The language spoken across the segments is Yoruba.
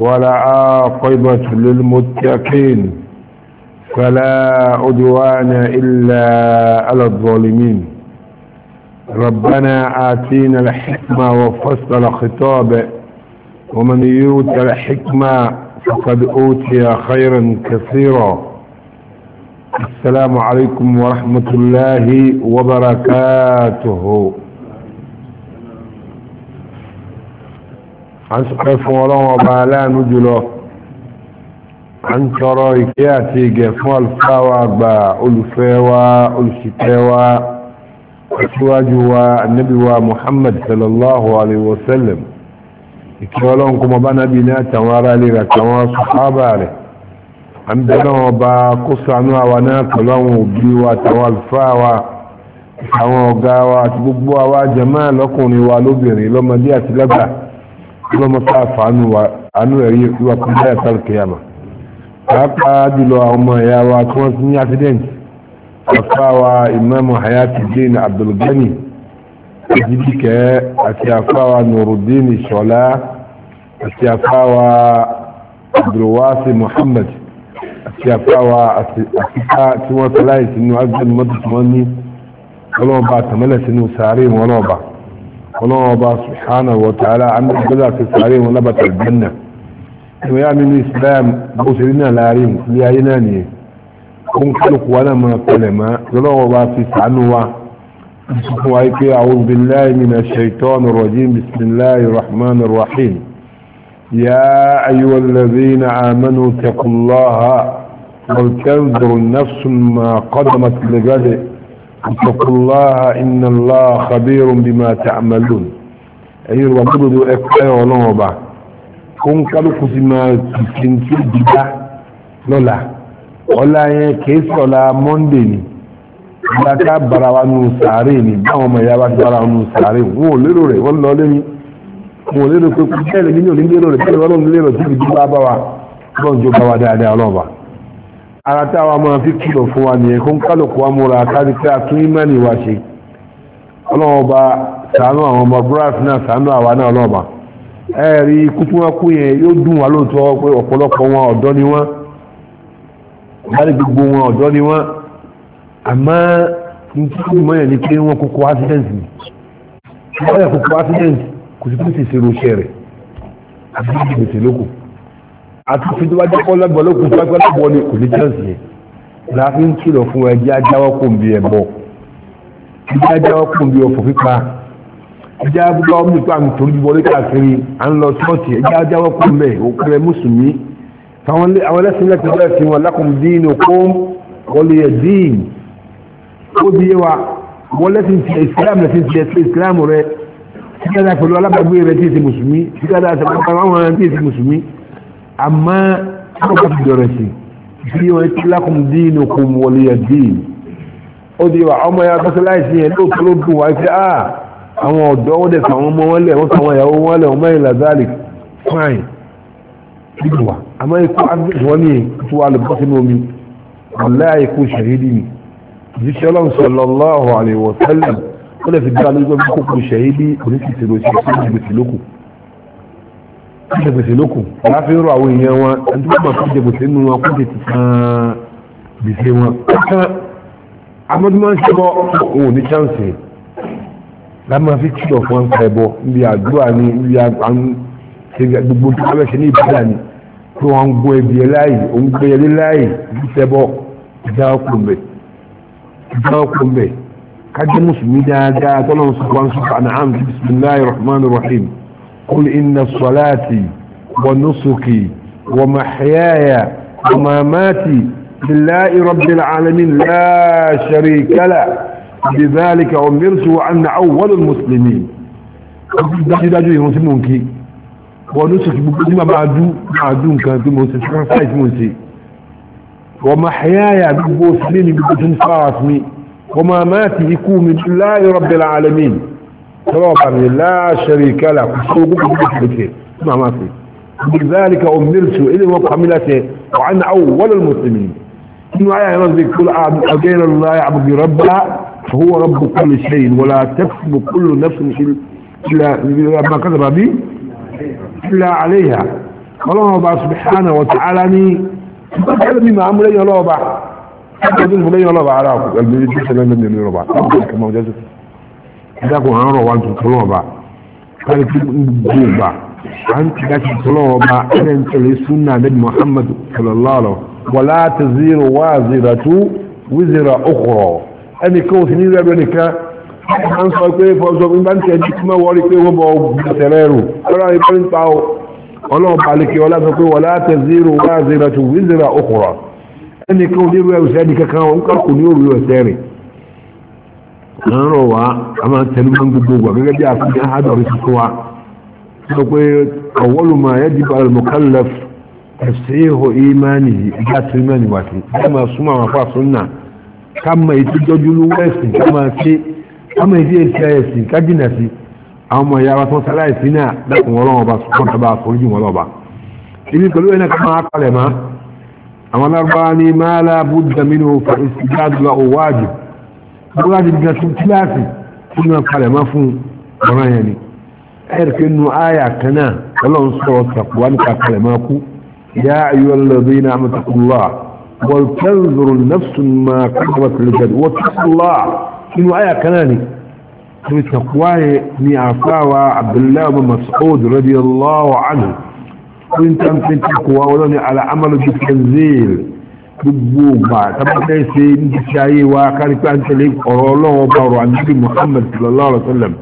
ولا عاقبة للمتقين فلا عدوان إلا على الظالمين ربنا آتينا الحكمة وفصل الخطاب ومن يوت الحكمة فقد أوتي خيرا كثيرا السلام عليكم ورحمة الله وبركاته a ń sọpẹ́ fún ọlọ́wọ́ ọba aláàánú jùlọ a ń tọrọ ìkẹ́ àti ìgẹ̀ fún àlùfáà wa àgbà olùfẹ́ wa olùsìkẹ́ wa aṣíwájú wa annabi wa muhammad sallallahu alaihi wasallam ìkẹ́ ọlọ́run kó mọ bá nábi ní àtàwọn ará ilé rẹ̀ àtàwọn sùhábà rẹ̀ a ń bẹ̀rẹ̀ wọn kó ṣàánú àwa náà pẹ̀lú àwọn òbí wa àtàwọn àlùfáà àwọn ọ̀gá wa àti gbogbo àwa jàmáà lọ́kùnrin wa lóbìnrin lọ́mọdé àti lágbàá lọ́mọ tá a fa àánú ẹ̀rí ìwà kan báyà sáré kìyàmà pàápàá jùlọ àwọn ọmọ ẹ̀yà wa tí wọ́n ti ní accident àfáwa ìmáàmù hayatuddin abdulgani ìdíbìkẹ́ àti àfáwa nuruddin ìṣọ̀lá àti àfáwa abdulwasi muhammad àti àfáwa àfíkà tí wọ́n tẹ́láì sínú agbẹ́nu tí wọ́n ní ọlọ́ọ̀bá àtàmọ́lẹ̀ sínú sàárè wọn ọlọ́ọ̀bá كلو الله سبحانه وتعالى عمد بلا كسارين ونبت الجنة إما يعمل الإسلام بوسرين العريم ليعيناني كون كلك ولا ما كلمة كلو الله سبحانه وعيكي أعوذ بالله من الشيطان الرجيم بسم الله الرحمن الرحيم يا أيها الذين آمنوا تقوا الله ولتنظر النفس ما قدمت لجده اتقوا الله ان الله خبير بما تعملون اي وبدو اكاي ولوبا كون كلو كسما كنتي ديدا لولا ولا كيس ولا موندي nígbà ká bara wa nù sàárè ni báwọn ọmọ ìyá wa ti bara nù sàárè wọn ò lérò rẹ wọn lọ lémi wọn ò lérò pé kí bẹ́ẹ̀ lè ní òní lérò rẹ bẹ́ẹ̀ lè wọn lérò tí ìdíjú bá bá wa lọ́njọ́ bá wa dáadáa ọlọ́ọ̀bà ara táwa máa fi kìlọ̀ fún wa nìyẹn kó ń kálùkù wa múra kárí pé àtún ìmẹ́ni wa ṣe ọlọ́wọ́ bá sàánú àwọn ọmọ brass náà sàánú àwa náà lọ́ọ̀bà ẹ rí ikú tí wọ́n kú yẹn yóò dùn wá lóòótọ́ pé ọ̀pọ̀lọpọ̀ wọn ọ̀dọ́ ni wọ́n láti gbogbo wọn ọ̀dọ́ ni wọ́n àmọ́ ní tí ó mọ̀ yẹn ni pé wọ́n kókó accident ni wọ́n yẹ kókó accident kò sí pé sì ro àti fi tó bá jẹ́ pọ́lọ́gbọ̀ ló kún pẹ́pẹ́lọ́gbọ̀ ní kò ní jẹ́sì yẹn láti ń kìlọ̀ fún ẹjẹ́ ajáwọ́ kò ń bi ẹ̀bọ ẹjẹ́ ajáwọ́ kò ń bi ọ̀fọ̀ pípa ẹjẹ́ agbúgbà ọmọ ìpá mi torí ju wọlé káàkiri à ń lọ ṣọ́ọ̀ṣì ẹjẹ́ ajáwọ́ kò ń bẹ̀ òkúrẹ́ mùsùlùmí àwọn ẹlẹ́sìn lẹ́tọ̀ bẹ́ẹ̀ fi wọn lákùn dín okó wọlé dín ó amma kuka fi dọ̀rọ̀ sí bí wọ́n ti lakum dinukum waliya din ó di wa ọmọ ya kọ́sọ́ láìsí yẹn ló tó ló dùn wá sí à ah, àwọn ọ̀dọ́ wọ́n dẹ̀ sàwọn ọmọ wọn lẹ̀ wọ́n sàwọn ìyàwó wọn lẹ̀ wọ́n mẹ́rin fine dídùn wa àmọ́ ikú àgbẹ̀wọ́ ni tó wà lè bọ́ sínú omi ọ̀lá ikú ṣàhídì ni jíṣẹ́ ọlọ́run sallallahu alaihi wa sallam ó lè fi dá lójú ọmọ kókò ṣàhídì oníṣìṣẹ́ lóṣìṣẹ́ lóṣìṣẹ́ lókùn jẹgbèsè lókun láàfin rọ àwọn èèyàn wọn ẹni tó bá fún jẹgbèsè nínú wọn kó tètè kan gbèsè wọn kan amọdúnmọ́ ń ṣẹbọ òun ò ní chance lámà fi kìlọ̀ fún ọ̀nà ẹ̀bọ níbi àdúrà ni níbi gbogbo tó bá ṣe ní ìbílẹ̀ ni tó wọn ń gbọ́ ẹbí ẹ láàyè òun gbé ẹlé láàyè ní ṣẹbọ ìjà ọkùn bẹ̀ ìjà ọkùn bẹ̀ kájẹ́ mùsùlùmí dáadáa tọ́lọ́ قل إن صلاتي ونسكي ومحياي ومماتي لله رب العالمين لا شريك لا بذلك أمرت وأن أول المسلمين دخل داجو ومحياي بقدم مسلمين بقدم فاسمي وماماتي يكون من الله رب العالمين لا شريك له ما في بذلك أمرت إلي وقملته وعن أول المسلمين إنه آية ربك كل أغير الله يعبد ربها فهو رب كل شيء ولا تكسب كل نفس إلا ما كسب به إلا عليها الله سبحانه وتعالى ان بكلمي ما أمر لي الله بعد أجل لي الله بعد أعرف قلبي كما وجدت dákun àwọn ọ̀rọ̀ wa ń tuntun lọ́wọ́ bá kárí kí n gbó bá à ń tẹ̀lé tuntun lọ́wọ́ bá ẹ̀rẹ́ ń tẹ̀lé sunna nabi muhammad sallallahu alaihi wa la taziru waziratu wizra ukhra ẹnì kan ò sí ní rẹ́rù nìkan a ń sọ pé fọ́sọ̀ bí bá ń tẹ̀ ẹni tí wọ́n wọlé pé wọ́n bọ̀ tẹ̀lé rù lọ́la ìbọn ń pa ọ́ ọlọ́run balẹ̀kẹ́ ọlá sọ pé wa la taziru waziratu wizra ukhra ẹnì kan ò ní rẹ́rù sẹ́ni kankan ó ń kọ́ kò ní òrùlé ọ̀sẹ̀ rìn àárọ̀ wa a máa tẹnu máa ń gbogbo wa gẹ́gẹ́ bí àfihàn àádọ́rin tuntun wa sọ pé ọ̀wọ́lù máa yẹ́ dìbò al-mukallaf ẹ̀sẹ̀hò ìmánì ìjà tó ìmánì wà sí ká máa súnmọ́ àwọn afọ àsúnà ká máa ètò ìjọjú lówó ẹ̀sìn ká máa ṣe ká máa ètò ètò ẹ̀sìn ká jìnà sí àwọn ọmọ ìyá wa tó náà dákun wọn lọ́wọ́ bá sọ́kàn tábà àforíjì wọn lọ́ba ibi pẹ̀lú ẹ̀nà ká máa mọ́ àwọn alábáwá ní máa lábúdàmínú fa ìsìgbàdùn الواجب يا أيها الذين أمتقوا الله والتنظر النفس ما كبرت لجد واتقوا الله انه آية كناني بتقواه من عفا وعبد الله بن مسعود رضي الله عنه وانت انت تقوى ولني على عمل بالتنزيل gbogbo ògbà tábàtẹ́ ṣe ní ti ayé wa kárípá ń tẹ̀lé ọ̀rọ̀ ọlọ́wọ́ bá ọ̀rọ̀ ànábì muhammad sallallahu alaihi wasallam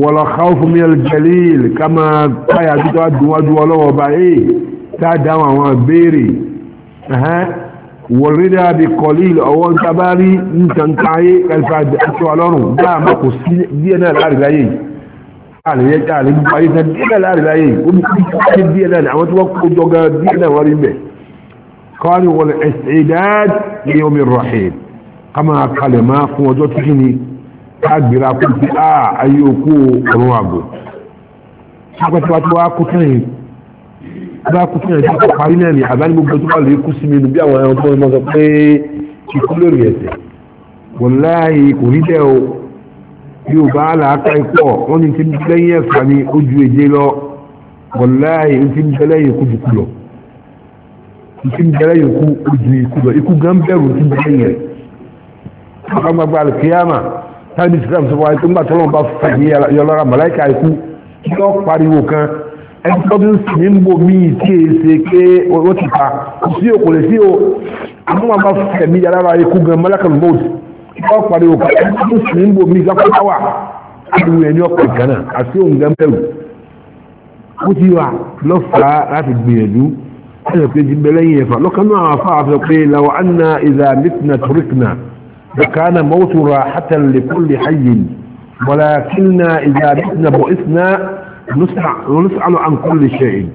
wọ́n lọ káwọ́fún mi aljalil ká máa káyà tó tọ́wá dùnwájú ọlọ́wọ́ bá ẹ̀ tá a dáhùn àwọn béèrè wọ́n rí dáa bí kọ́líl ọwọ́ ń tábà rí nǹkan káyé kárípá àti ọlọ́run dáa má kò sí díẹ̀ náà láàrin láyé àlèyé àlèyé gbogbo ayé sẹ́ díẹ̀ náà láàrin láyé ó ní kí díẹ̀ náà àwọn tí wọ́n kó jọ gan díẹ̀ náà wọ́n rí bẹ́ẹ̀ قال والاستعداد ليوم الرحيل كما قال ما فوجو تكني كبيرا كنت اه ايوكو رواغو سبت واتوا كتني ba ku fún ẹjọ́ parí náà ni àbá ní gbogbo tó bá lè kú sí mi nù bí àwọn ẹran tó mọ́ sọ pé ikú lórí ẹ̀sẹ̀ bí o bá làákà ikọ̀ wọ́n ní ti lẹ́yìn ẹ̀fà ni ó ju èjé lọ wọláì ó ti lẹ́yìn ikú jù kú lọ ìtí bẹ̀rẹ̀ yòókù ojú ikú lọ ikú gan bẹ̀rù ti bẹ̀rẹ̀ yẹn agbagba alikiyama tábìlì islam sọ wáyé tó ń gbà tọ́lọ́mù bá fẹ̀mí yọlọ́ra màláìka ikú kí lọ́ pariwo kan ẹni tó bí ń sì ní ń bo míì tí èyí ṣe pé ó ti pa kò sí o kò lè sí o àmọ́ wọn bá fẹ̀mí yọlọ́ra ikú gan màláìkàlù mọ́t kí lọ́ pariwo kan ẹni tó bí ń sì ní ń bo míì gáfọ́ táwà ariwo ẹni ọ̀pẹ̀ gánà àti òun gan bẹ̀rù ó ti wà lọ́fà láti gbìyànjú حلف أيوة، جبلين فلك ما صعف قيل وعنا إذا متنا تركنا فكان موت راحة لكل حي ولكننا إذا متنا بؤثنا نسأل عن كل شيء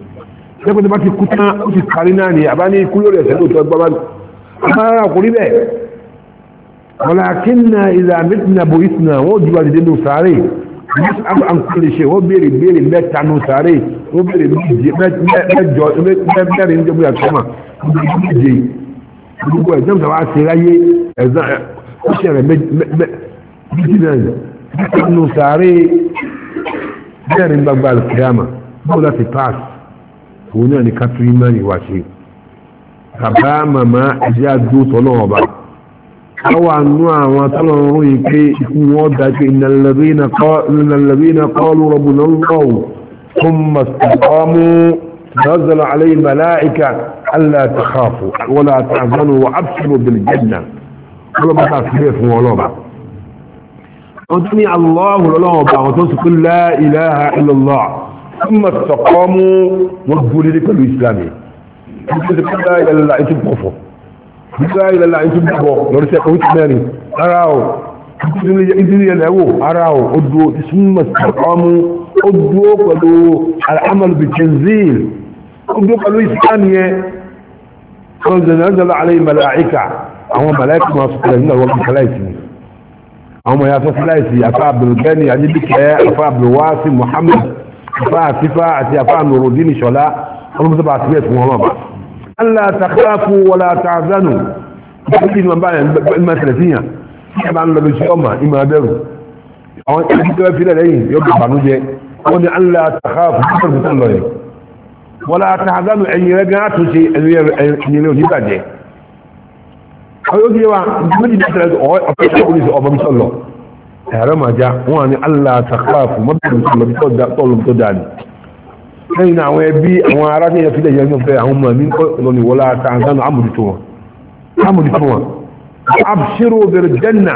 لكن ما في كتنا وفي كاريناني يعني أباني كل يوم يسألون تربان طيب ما يقول به ولكننا إذا متنا بؤثنا وجوا لدينو ساري نسعل عن كل شيء وبيري بيري بيت عنو ساري ó bèrè méje mẹ́jọ mẹ́rin jẹ́ bóyá kọ́mà méje gbogbo ẹ̀ jẹ́mùsà wá ṣe láyé ẹ̀zá ó ṣe rẹ̀ méjì náà nínú sàárè mẹ́rin gbagba alkiyama báwo láti pass òun náà ni kátó ìmánì wá ṣe bàbá màmá ẹ̀jẹ̀ àdó tọ́lọ́ ọba káwà nú àwọn tọ́lọ́run yìí pé ikú wọn dájú ìnàlẹ́bí na kọ́ lọ́wọ́ ثم استقاموا نزل عليه ملائكة ألا تخافوا ولا تحزنوا وأبشروا بالجنة ولا ما تعرفين في ولوبة الله لولوبة وتقول لا إله إلا الله ثم استقاموا وقفوا لك الإسلامي لا إله إلا الله أنتم لا إله إلا أنتم أراو أنتم يلعبوا أراو أدوا ثم استقاموا ó dúró pẹ̀lú al'amalu tanzil ó dúró pẹ̀lú ìsìkáni yẹn wọ́n zẹ̀ náà zọ́lá alẹ́ mẹ́láìkà àwọn mẹ́láìkà máa sọ pẹ̀lú àwọn mẹ́láìkì ni àwọn ọmọ ya sọ síláìsì afá abdulgani adébíkẹ́ afá abdulwasi muhammad afá àtifá àti afá nurudin ṣọlá ọmọ mọ́sọ́ bá ti bẹ́ẹ̀ fún wọn bá allah takhlafu wala ta'zanu bí wọ́n ni allah takhafu bíkọ́ fi tán lọ yẹ wọ́n la tahazanu ẹ̀yìn rẹ̀ gan àtúnṣe ẹ̀yìn rẹ̀ oníbàjẹ́ àwọn yóò yẹ wa méjì ní ẹ̀rọ máa já wọ́n ni allah mọ́bìnrin sọ̀lọ̀ bí àwọn ẹbí àwọn ará tí ẹ̀fílẹ̀ yẹn fẹ́ àwọn ọmọ mi ń kọ́ lọ́nà ìwọ́lá tahazanu amòdìtò wọn amòdìtò wọn abṣírò bẹ̀rẹ̀ jẹ́nà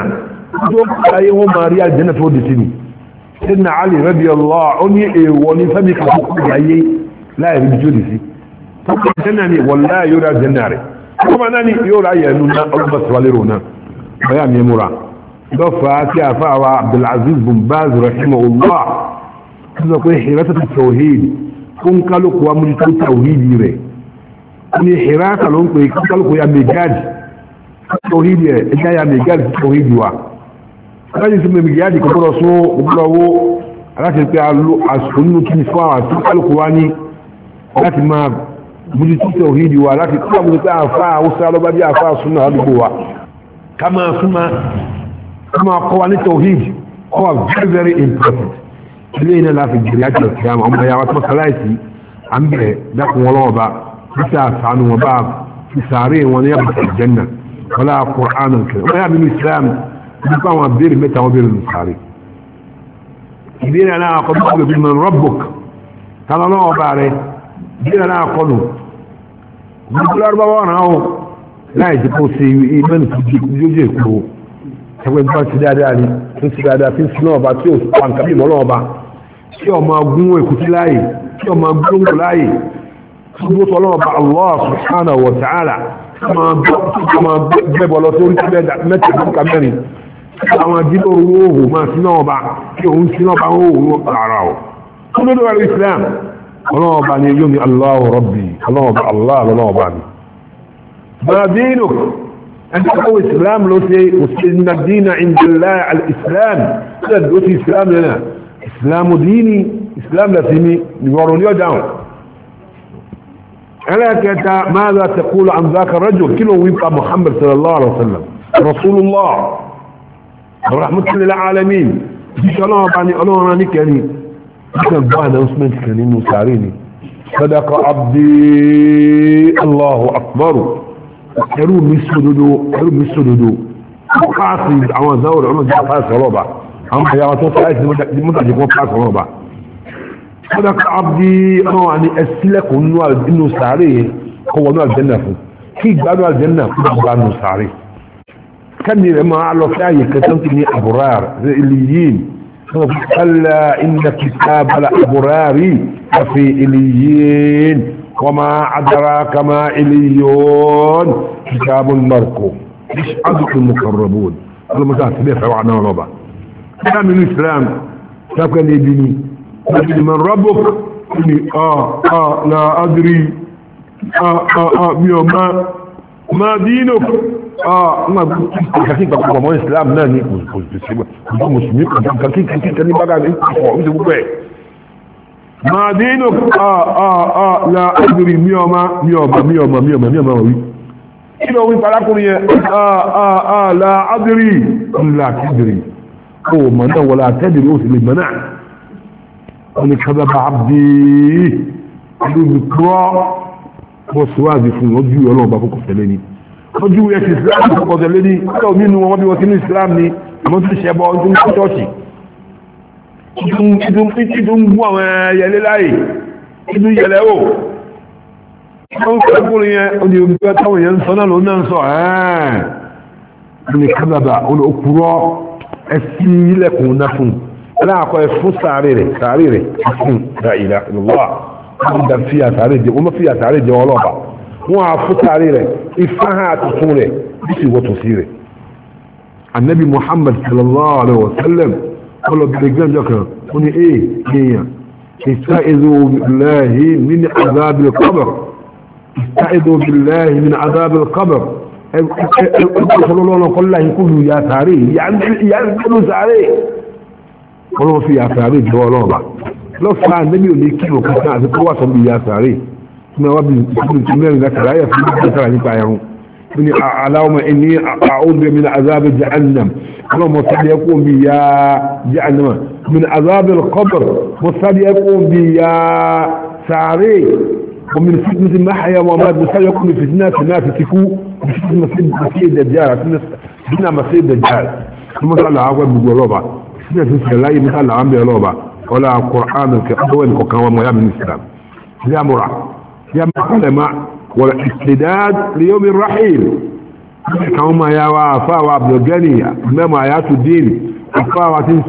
tó ayé wọn máa rí àjẹ́nà tó dì ni sẹ́dínà alì rẹ́bí ọlọ́ ó ní èèwọ̀ ní fẹ́mi kan fún ọjà ayé láìrí bí jóde sí tọ́kọ̀ jẹ́nà ni wọ́n láà yóò rà jẹ́nà rẹ̀ tọ́kọ̀ máa náà ni yóò rà yẹ̀ ẹnu náà ọlọ́pàá tí lérò náà bẹ́yà mi múra lọ́fà tí a wa abdulaziz bin baz rahim allah tó sọ pé hìrẹ́tà ti tawhid fún kálukú wa múlí tó rẹ̀ ní hìrẹ́tà ló ń pè kálukú ya megad tawhid rẹ̀ ẹ̀dá láti sí mẹ́bí yáàdì kọ́kọ́rọ̀ sún gbogbo owó láti pé àsìkò nínú kí ní fún àwọn àti kálukú wá ní láti máa bójú títẹ̀ òhìdì wa láti kí àwọn pé àfá àwúsá lọ́bá bí àfá súnà àdúgbò wa ká máa súnmọ́ ká máa kọ́ wa ní tòhìdì kọ́ wa very very important ilé iná láti gèrè àti ọ̀kẹ́ àwọn ọmọ ya wa tó mọ́sáláìsì à ń bẹ̀rẹ̀ dákun wọn lọ́wọ́ bá títí wọn bá fi sàárè wọn ní àbùkù ìjẹ́nà wọn lá nípa àwọn abéèrè mẹ́ta wọ́n béèrè nìkàrí ìbéèrè aláàkọ́ bí kúrò bí mọ̀ rọ́bùk tánà náà ọba rẹ̀ ìbéèrè aláàkọ́ nù gbogbo lárúbáwá ọ̀ràn áwọ̀ láì jẹ́ kó ṣe ibẹ̀ nù kí lójú èkó ẹgbẹ́ tó ti dáadáa ni tó ti dáadáa tí ń sin náà ọba tí ò pa nǹkan bí mọ́lọ́ ọba tí ọmọ agún gbẹ́bọ̀ lọ tó ń tẹ́lẹ̀ mẹ́tẹ̀ẹ́ àwọn àdínlò owó òhùn máa sí náà ọba kí òun sí náà bá ń òhùn ara ọ̀ tó lórí ọ̀rọ̀ Islam ọlọ́ọ̀bá ni yóò ní Allahu Rabbi ọlọ́ọ̀bá aláàlọ́ọ̀bá ni bàbínú ẹgbẹ́ Islam ló ṣe òṣèlú dínà ìjọlá al-Islam ṣe ló ṣe Islam lẹ́nà Islam dínì Islam láti mi ìwọ̀rọ̀ ní ọjà ẹlẹ́kẹta ماذا تقول عن ذاك الرجل kí ló wípa Muhammad sallallahu alaihi wasallam Rasulullah rahmatullahi alamin jíṣẹ́ ọlọ́run bá ní ọlọ́run rán níkẹni nígbà gbọ́ announcement kan nínú sàárè ni sadaqa abdi allahu akbar ẹrù mi sódodo ẹrù mi sódodo káàsì àwọn ìzáwòrán ọlọ́run jẹ́ káàsì ọlọ́ba àwọn àyàwó tó fáìsì mọ́tàjì kan káàsì ọlọ́ba sadaqa abdi ọlọ́run àni ẹsílẹ̀kùn nínú sàárè kọwọ́nú àjẹ́nà fún kí ìgbádùn àjẹ́nà fún ìgbádùn sàárè كان ما له شيء كتبتني أبرار إليين قال إن كتاب الأبرار في إليين وما أدراك ما إليون كتاب مركوم مش أدرك المقربون هذا مساعد سبيح وعنا ونوبة كلام الإسلام كتاب كان من ربك آه آه لا أدري آه آه آه ما ما دينك Ah, ma kàkí ìgbàgbọ́ ọmọ islam náà ní òṣìṣẹ́ mùsùlùmí kàkí kàkí kàní bá gàdé ìpọ̀ ní gbogbo ẹ̀ máa dé inú ah, ah, la agbèrè mí ọmọ mí ọmọ mí ọmọ mí ọmọ mí ọmọ wí kí ló wí parákùnrin yẹn la agbèrè ńlá kébèrè kó o mọ̀ náà wọlé àtẹ́bìrì ó sì lè mọ̀ náà wọ́n ní kábà bá bí i lóbi kúrọ́ wọ́n sọ wáàbí fún wọn bí ọlọ́ọ̀bá kókò tẹ́lẹ̀ ni ojú ẹ̀sìn islam ọ̀pọ̀tọ̀ lé ní ọ̀pọ̀ nínú wọn bí wọ́n ti ní islam ní àmọ́ tó ṣe ẹbọ ọdún ṣọ́ọ̀ṣì títún ń bú àwọn ẹyẹlé láàyè títún yẹlẹ ó wọ́n fẹ́ kúrò yẹn ó ní omi pẹ́ táwọn èèyàn ń sọ náà ló náà ń sọ ẹ̀ẹ́n ní kábàbà olókùrọ̀ ẹsí ilẹ̀kùn náà fún aláàkọ́ ẹ fún sàárè rẹ̀ sàárè rẹ̀ fún ìlà ìlà ìlọ́wà wọ́n dà fíyà sàárè jẹ́ ọlọ́pàá wọ́n á fútàrí rẹ̀ ìfáhà tuntun rẹ̀ bí sì wọ́tò sí rẹ̀ annabi muhammad sallallahu alaihi wasallam ọlọ́gbẹ̀rẹ̀ gbẹ̀mjọ kan ó ní èè kéèyàn ìsáìzò billahi min azabil qabr ìsáìzò billahi min azabil qabr ẹgbẹ̀rẹ̀ kọ́lá ikúlù ya sàárè ya ń gbẹ̀rù sàárè ọlọ́run fi ya sàárè jọ ọlọ́ọ̀bà lọ́fà annabi ò ní kí kuma wabi kudin tunan da kara ya fi da kara ni bayan ni alawma inni a'udhu min azab ومن فتنة المحيا وما مسال يكون فتنة الناس تكو فتنة مسيح الدجال فتنة مسيح الدجال مسألة عقل بجلوبة فتنة مسيح الله مسألة عام بجلوبة ولا قرآن الكرام وكوان ويا من الإسلام لا مرعب جمع علماء والاستداد ليوم الرحيل كما يا وافا وعبد الغني امام ايات الدين وافا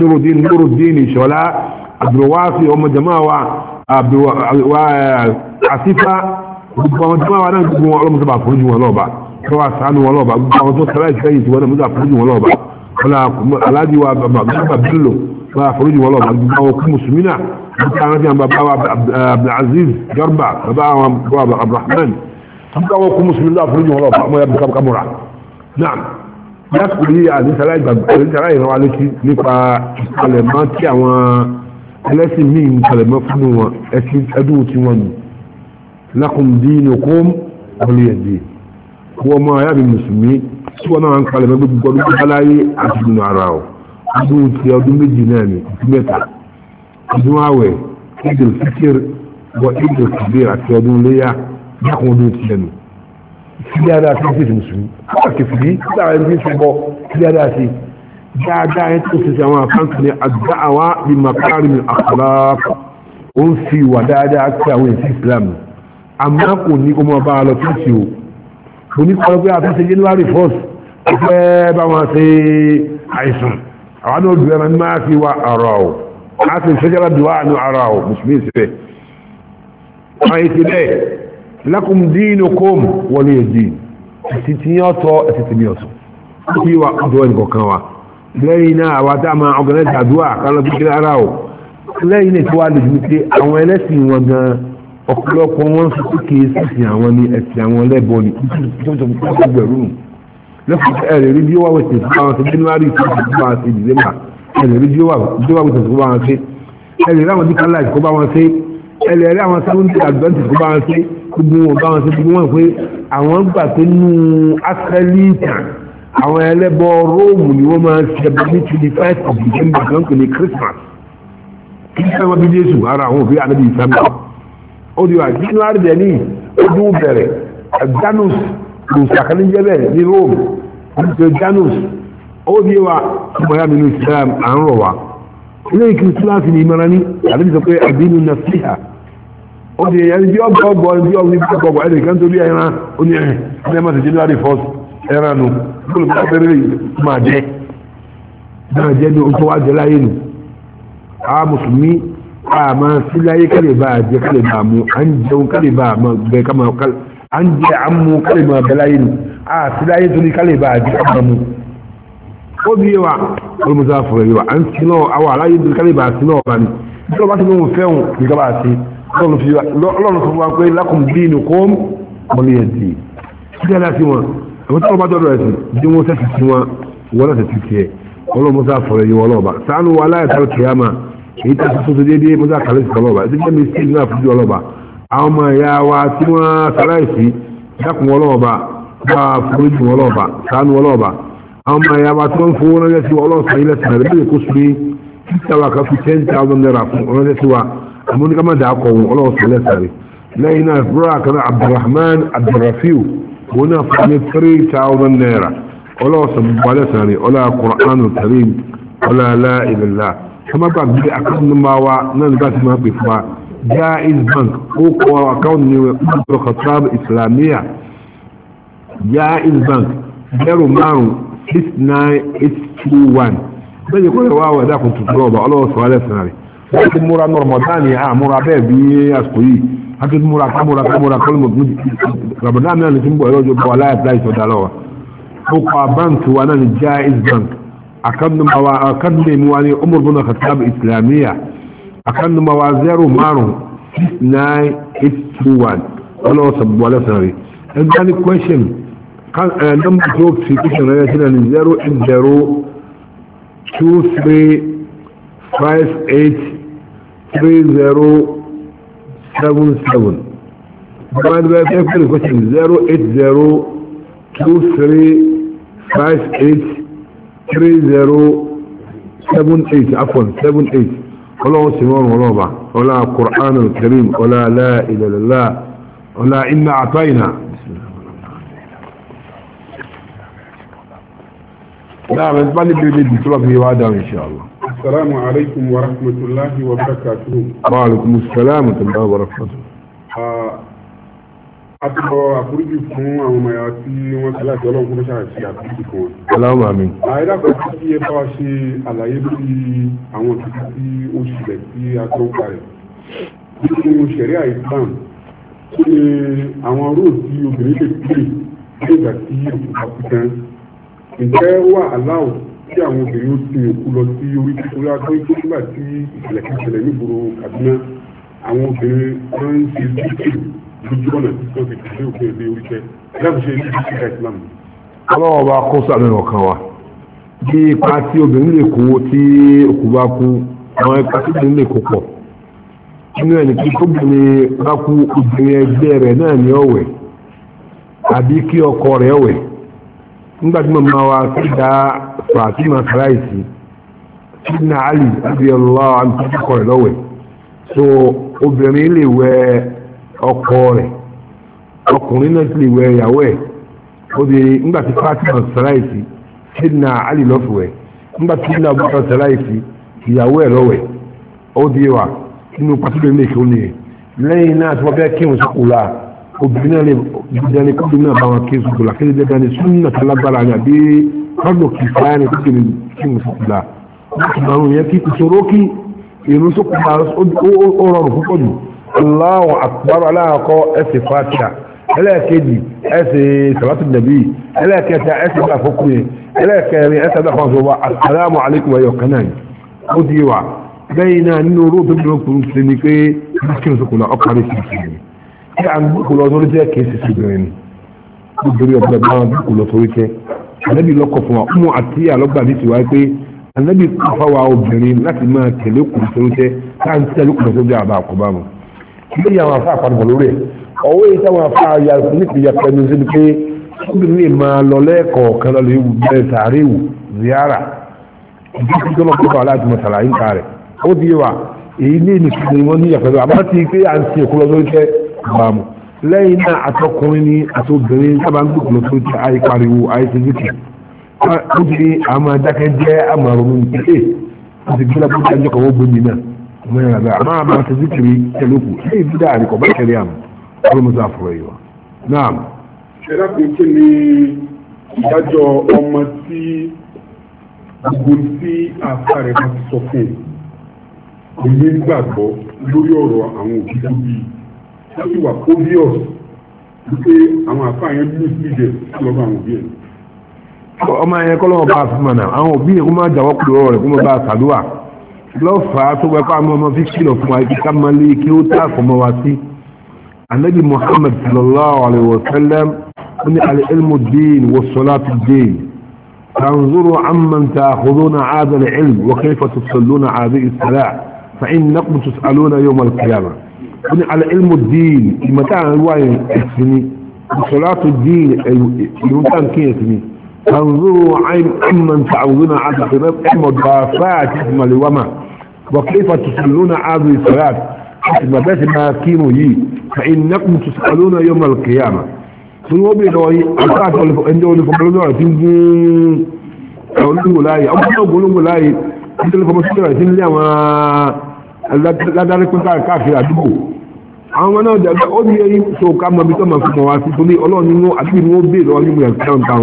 نور الدين نور الدين شولا عبد الوافي هم جماعه عبد وعفيفه gbogbo àwọn tí wọn wà náà gbogbo wọn ọlọmọdé bá fojú wọn lọọba tí wọn wà sànù wọn lọọba gbogbo àwọn tó tẹlẹ ìfẹyìntì wọn náà mọdà aláàjì wa bàbá bello bá àforíjì wọ́lọ̀ bàbá òkú musulmi náà nípa àwọn tíyàn bàbá wa abdulaziz garba bàbá wa abdulrahman nípa àwọn òkú musulmi náà àforíjì wọ́lọ̀ bàbá ya bùkà kamura náà yàtò yìí àdìsára ìrànwá létí nípa ìpalẹ̀mọ́ tí àwọn ẹlẹ́sìn míì ń palẹ̀mọ́ fún wọn ẹ̀sìn ẹdún tí wọ́n nù lakum dinukum ọ̀lẹ́yẹ̀dẹ̀ wọ́n mọ́ ayábi musulmi tí wọ́n náà ń kalẹ̀ mẹ́gbẹ́ gbogbo ọdún tó báláyé àti ìdùnnú ara ọ̀ ọdún ti ọdún méjì náà ni ọdún mẹ́ta ọdún àwẹ̀ ìdè fíkìr wọ ìdè kìbìr àti ọdún léyà dákun ọdún ti lẹ́nu sílẹ̀ adá sí ṣèṣì mùsùlùmí àti fìdí sílẹ̀ adá sí ṣe bọ́ sílẹ̀ adá sí dáadáa yẹn tó ṣe àwọn àkáǹtì ní àdáàwá ní makari ní àkàlàkù ó ń fi wà dáadáa pé àwọn èsì Islam àmọ́ kò ní kó máa bá a lọ tó ṣe o oníkọ̀ọ́ pé àtúnṣe january 1st ọ̀fẹ́ bá wọn ṣe àìsàn àwọn náà dùn ẹran máa fi wa ara ọ̀ a sì ṣẹ́jára dùwà ní ara ọ̀ mùsùlùmí síbẹ̀ wọ́n yìí ti bẹ́ẹ̀ lakum dinukum wọlé èdè ẹ̀sìn tí yẹn ọ̀tọ̀ ẹ̀sìn tí mi ọ̀tọ̀ ó fi wa ọ̀dọ̀ ẹnì kọ̀ọ̀kan wa lẹ́yìn náà àwa tá a máa organize àdúrà kálọ́ fi kiri ara ọ̀ lẹ́yìn náà tí wàá lè ju ọ̀pọ̀lọpọ̀ wọn sọ pé kì í sẹ̀sìn àwọn ní ẹ̀sìn àwọn lẹ́bọ̀ ní ìjọba lẹ́kọ̀ọ́ ẹ̀rẹ̀ rí bí ó wà wẹ̀sẹ̀ fún àwọn ṣe january twenty two àti december ẹ̀rẹ̀ rí bí ó wà wẹ̀sẹ̀ fún àwọn ṣe ẹ̀rẹ̀ rí àwọn deacon life kó bá wọn ṣe ẹ̀rẹ̀ rí àwọn seventy advantage kó bá wọn ṣe gbogbo wọn bá wọn ṣe gbogbo wọn pé àwọn gbà pé nù asẹ́lítà àwọn ẹlẹ́bọ róòmù ni wọ́n máa ṣe ẹbọ ní twenty five of december kan kò ní christmas kí ní sábà bí jésù ara àwọn òbí anábì ìsámi odiwa january deni, ojú bẹ̀rẹ̀ janus lusakani jẹbẹ ní rome nítorí janus odiwa mọ̀yá mi islam à ń rọ̀ wá ilé ìkiri kíláàsì ní ìmọ̀ràn ní àdébí sọ pé àbínú na síhà odi ẹni bí ọgbọ ọgbọ ẹni bí ọgbọ ọgbọ ọgbọ ẹni kan torí ẹran oní ẹran ẹni ẹmọ sí january first ẹran nu kúrò bí abẹ́rẹ́ máa jẹ máa jẹ ní oṣù wájẹ láyé nu àwọn mùsùlùmí àmà síláyé kálíbà jẹ kálíbà mú à ń jẹun kálíbà bẹ kama à ń jẹ à ń mú kálíbà bẹláyé nù à síláyé tó ní kálíbà jẹ kama mú. ó bí wa olùmọ̀sá fọ̀rọ̀ yìí wa à ń sinọ́ àwọn aláyé tó ní kálíbà sinọ́ ọ̀bà ni nítorí bá ti lóun fẹ́hùn ní kábà sí lọ́rùn fún wa pé lákùn bí ní kó mọ̀lẹ́ yẹn ti kí dáadáa sí wọn àwọn tí wọn bá dọ́dọ̀ ẹ̀sìn bí wọ́n sẹ́sì sí wọn wọ́n lọ́sẹ̀ ti tiẹ̀ olùmọ̀sá fọ̀rọ̀ yìí wọ́n lọ́ọ̀bà sànù wa aláyàtọ̀ kìyàmà èyí tí a sọ sí déédéé mọ́tà kàlẹ́sì ọlọ́ba ẹ̀sìn jẹ́ mi sí náà fúdú ọlọ́ba àwọn ọmọ ẹ̀yà wa tí wọ́n sáláìsì dákun ọlọ́ba bá foríjì ọlọ́ba sánú ọlọ́ba àwọn ọmọ ẹ̀yà wa tí wọ́n fowó ránṣẹ́ sí ọlọ́sàn ilẹ̀ sàn rẹ̀ lóye kó sùn ní títàwá kan fi ten thousand naira fún ránṣẹ́ sí wa àmúnikàmá dà kọ̀ wọn ọlọ́sàn ilẹ̀ sàn rẹ̀ lẹ́yìn náà búra kan abdulrahman abdulrafiu wọn náà fún mi three thousand naira ọlọ́sàn bọ̀ alẹ́ sàn rẹ̀ ọlọ́ kama ba bi account number wa nan za su ma bi kuma jaiz bank ko ko account ne wa ko khatab islamiya jaiz bank zero maru 69821 bai ko da wawa da ku tudo ba Allah subhanahu wa ta'ala wọ́n ti múra ní rọmọdán yẹn àmúra bẹ́ẹ̀ bí àsìkò yìí a ti múra kámúra kámúra kọ́lùmọ̀ rọmọdán náà ní ti ń bọ̀ ẹ̀rọ ìjọba aláìpẹ́ ìsọdá lọ́wọ́ ó kọ́ bank wa náà ní jaiz bank أكن موا أكن مواني عمر بن الخطاب إسلامية أكن موازير مارو ناي إتوان ولا سب ولا سري عندنا كويشن كان عندهم جوب في كيشن رجع هنا نزيرو إنزيرو two three five eight three zero seven seven Divided by 5 question 0 8 0 2 3 5 8 3078 عفوا 78 ولا سمان ولا قرآن الكريم ولا لا إله إلا الله ولا إنا أعطينا نعم نتمنى بيدي بطلب هذا إن شاء الله السلام عليكم ورحمة الله وبركاته وعليكم السلام ورحمة الله وبركاته atọ́ àforíjì fún àwọn ọmọ ẹ̀yà tí wọ́n ti láti ọlọ́run kó ṣàṣì àforíjì fún wọn. aláwọ̀ àmì. àìdàpọ̀ tí ẹ bá wa ṣe àlàyé lórí àwọn tuntun tí ó ṣẹlẹ̀ tí a tó ń parẹ̀. nínú ṣẹ̀ríà Islam kí ni àwọn róò tí obìnrin lè kúrè nígbà tí òkú bá kú tán. ǹjẹ́ wà aláwọ̀ tí àwọn obìnrin ó sin òkú lọ sí orí kíkúrú akọ́ ikú nígbà tí ìṣẹ̀lẹ̀ kíṣẹ̀lẹ̀ nígboro Kaduna àwọn obìnrin lójú ọ̀nà tí wọ́n ti kàlẹ́ òkè ilé orí tẹ́ láti ṣe ní ìṣẹ́ islam. ọlọ́wọ́ bá kó sàmì ọ̀kan wa bí ipa tí obìnrin lè kó tí òkú bá kú àwọn ipa tí obìnrin lè kó pọ̀ nínú ẹni kí tóbìnrin bá kú obìnrin ẹgbẹ́ rẹ̀ náà ní ọ̀wẹ̀ àbí kí ọkọ rẹ̀ ọ̀wẹ̀ nígbà tí màmá wa ti dá Fatima Karaisi Sidna Ali abiyallahu anhu kọ̀rẹ̀ lọ́wẹ̀ so obìnrin lè wẹ̀ ọkọ rẹ̀ ọkùnrin náà ti lè wẹ ìyàwó ẹ̀ ó di ńgbà tí Fatima sàláìsì na Ali lọ́fọ̀ ẹ̀ ńgbà tí sidna Abubakar sàláìsì ìyàwó lọ́wẹ̀ ó di wa nínú pàtúbẹ̀ mẹ́kẹ́ ó nìyẹn lẹ́yìn náà tí wọ́n obìnrin náà lè kọ́bí náà bá wọn kí ní kí Allahu akbar aláàkọ́ ẹsẹ̀ fàtíà ẹlẹ́ẹ̀kejì ẹsẹ̀ sàlátù nàbí ẹlẹ́ẹ̀kẹta ẹsẹ̀ bá fọ́kù yẹn ẹlẹ́ẹ̀kẹrin ẹsẹ̀ bá fọ́kù wa asalaamu alaykum ayọ̀ kanáà yìí ó ti wà bẹ́yìn náà nínú orú tó dúró kùn sí ni pé kíkìrì tó kùnà ọkàrí sí sí ni kí à ń kù lọ sórí jẹ́ kéésì sí bẹ̀rẹ̀ ni nítorí ọ̀pọ̀ ẹ̀gbọ́n wọn kù lọ sórí wa obìnrin láti máa tẹ̀lé kùn sórí jẹ́ láti tẹ̀lé kùn sórí àbá àkọ́bá wọn ilé àwọn afá àpapọ̀ lórí ẹ̀ ọwọ́ èyí táwọn afá ya nípa ìyàpẹ́ ní sí pé obìnrin lè máa lọ lẹ́ẹ̀kọ̀ọ́ kan lọ́lọ́ ewu bẹ́ẹ̀ sàárè wù ziara ìdí tí tó lọ́kọ́ bàálà àti mọ̀sálà ń ka rẹ̀ ó di wa èyí ní nìkan ni wọ́n ní ìyàpẹ́ lọ àbá ti pé à ń sin èkó lọ sórí bàmù lẹ́yìn náà àtọkùnrin ni àtobìnrin sábà ń gbòkùn lọ sórí tẹ́ àyè pariwo ti àmọ́ adákẹ́jẹ́ àmọ́ àrùn ìpínlẹ̀ ó ti kuma yana da amma ba ta zikiri ta luku sai bida ne ko ba shari'a mu kuma za ku rayuwa na'am shari'a kun ce ne ìdájọ́ ọmọ tí gbogbo tí àfa rẹ̀ bá ti sọ fún un ilé gbàgbọ́ lórí ọ̀rọ̀ àwọn òbí tó bí wọ́n ti wà obvious wípé àwọn àfa yẹn ní ìdíje lọ́wọ́ àwọn òbí ẹ̀. ọmọ yẹn kọ́ bá a fún mọ̀ náà àwọn òbí yẹn kó má jáwọ́ kúrò ọ̀rẹ́ kó má bá a sàdúrà. lọ́fàá tó gbapá àwọn ọmọ fi kìlọ̀ fún àìkí ká máa lé kí ó tààkọ̀ mọ́ wa sí anábì muhammad sallallahu alaihi wa sallam ó ní alilmu dín wa salatu dín tanzuru amman ta'khuduna hadha alilm wa kayfa tusalluna hadhihi as-salah fa innakum tus'aluna yawm al-qiyamah ó ní alilmu dín ìmọ̀tá àrùwá ẹ̀sìnì wa salatu dín ìrúntà kí ẹ̀sìnì tanzuru amman ta'khuduna hadha alilm ẹ̀mọ̀ gbàfáà ti mọ̀lẹ́wàmà وكيف تصلون هذه الصلاة ما بس ما كيمو يي فإنكم تسألون يوم القيامة فلو بيدوي أساس عنده لفقلنا تنجي أولو ولاي أولو قولو ولاي أنت لفقلنا سنة تنجي لا ذلك كنت كافر أدبو àwọn náà jẹ́ ó ní eyín tó ká mọ ibi tó mọ̀ fún wa sí torí ọlọ́run nínú àti ìmú ó bèèrè ọlọ́run yìí mú ẹ̀ka ọ̀rọ̀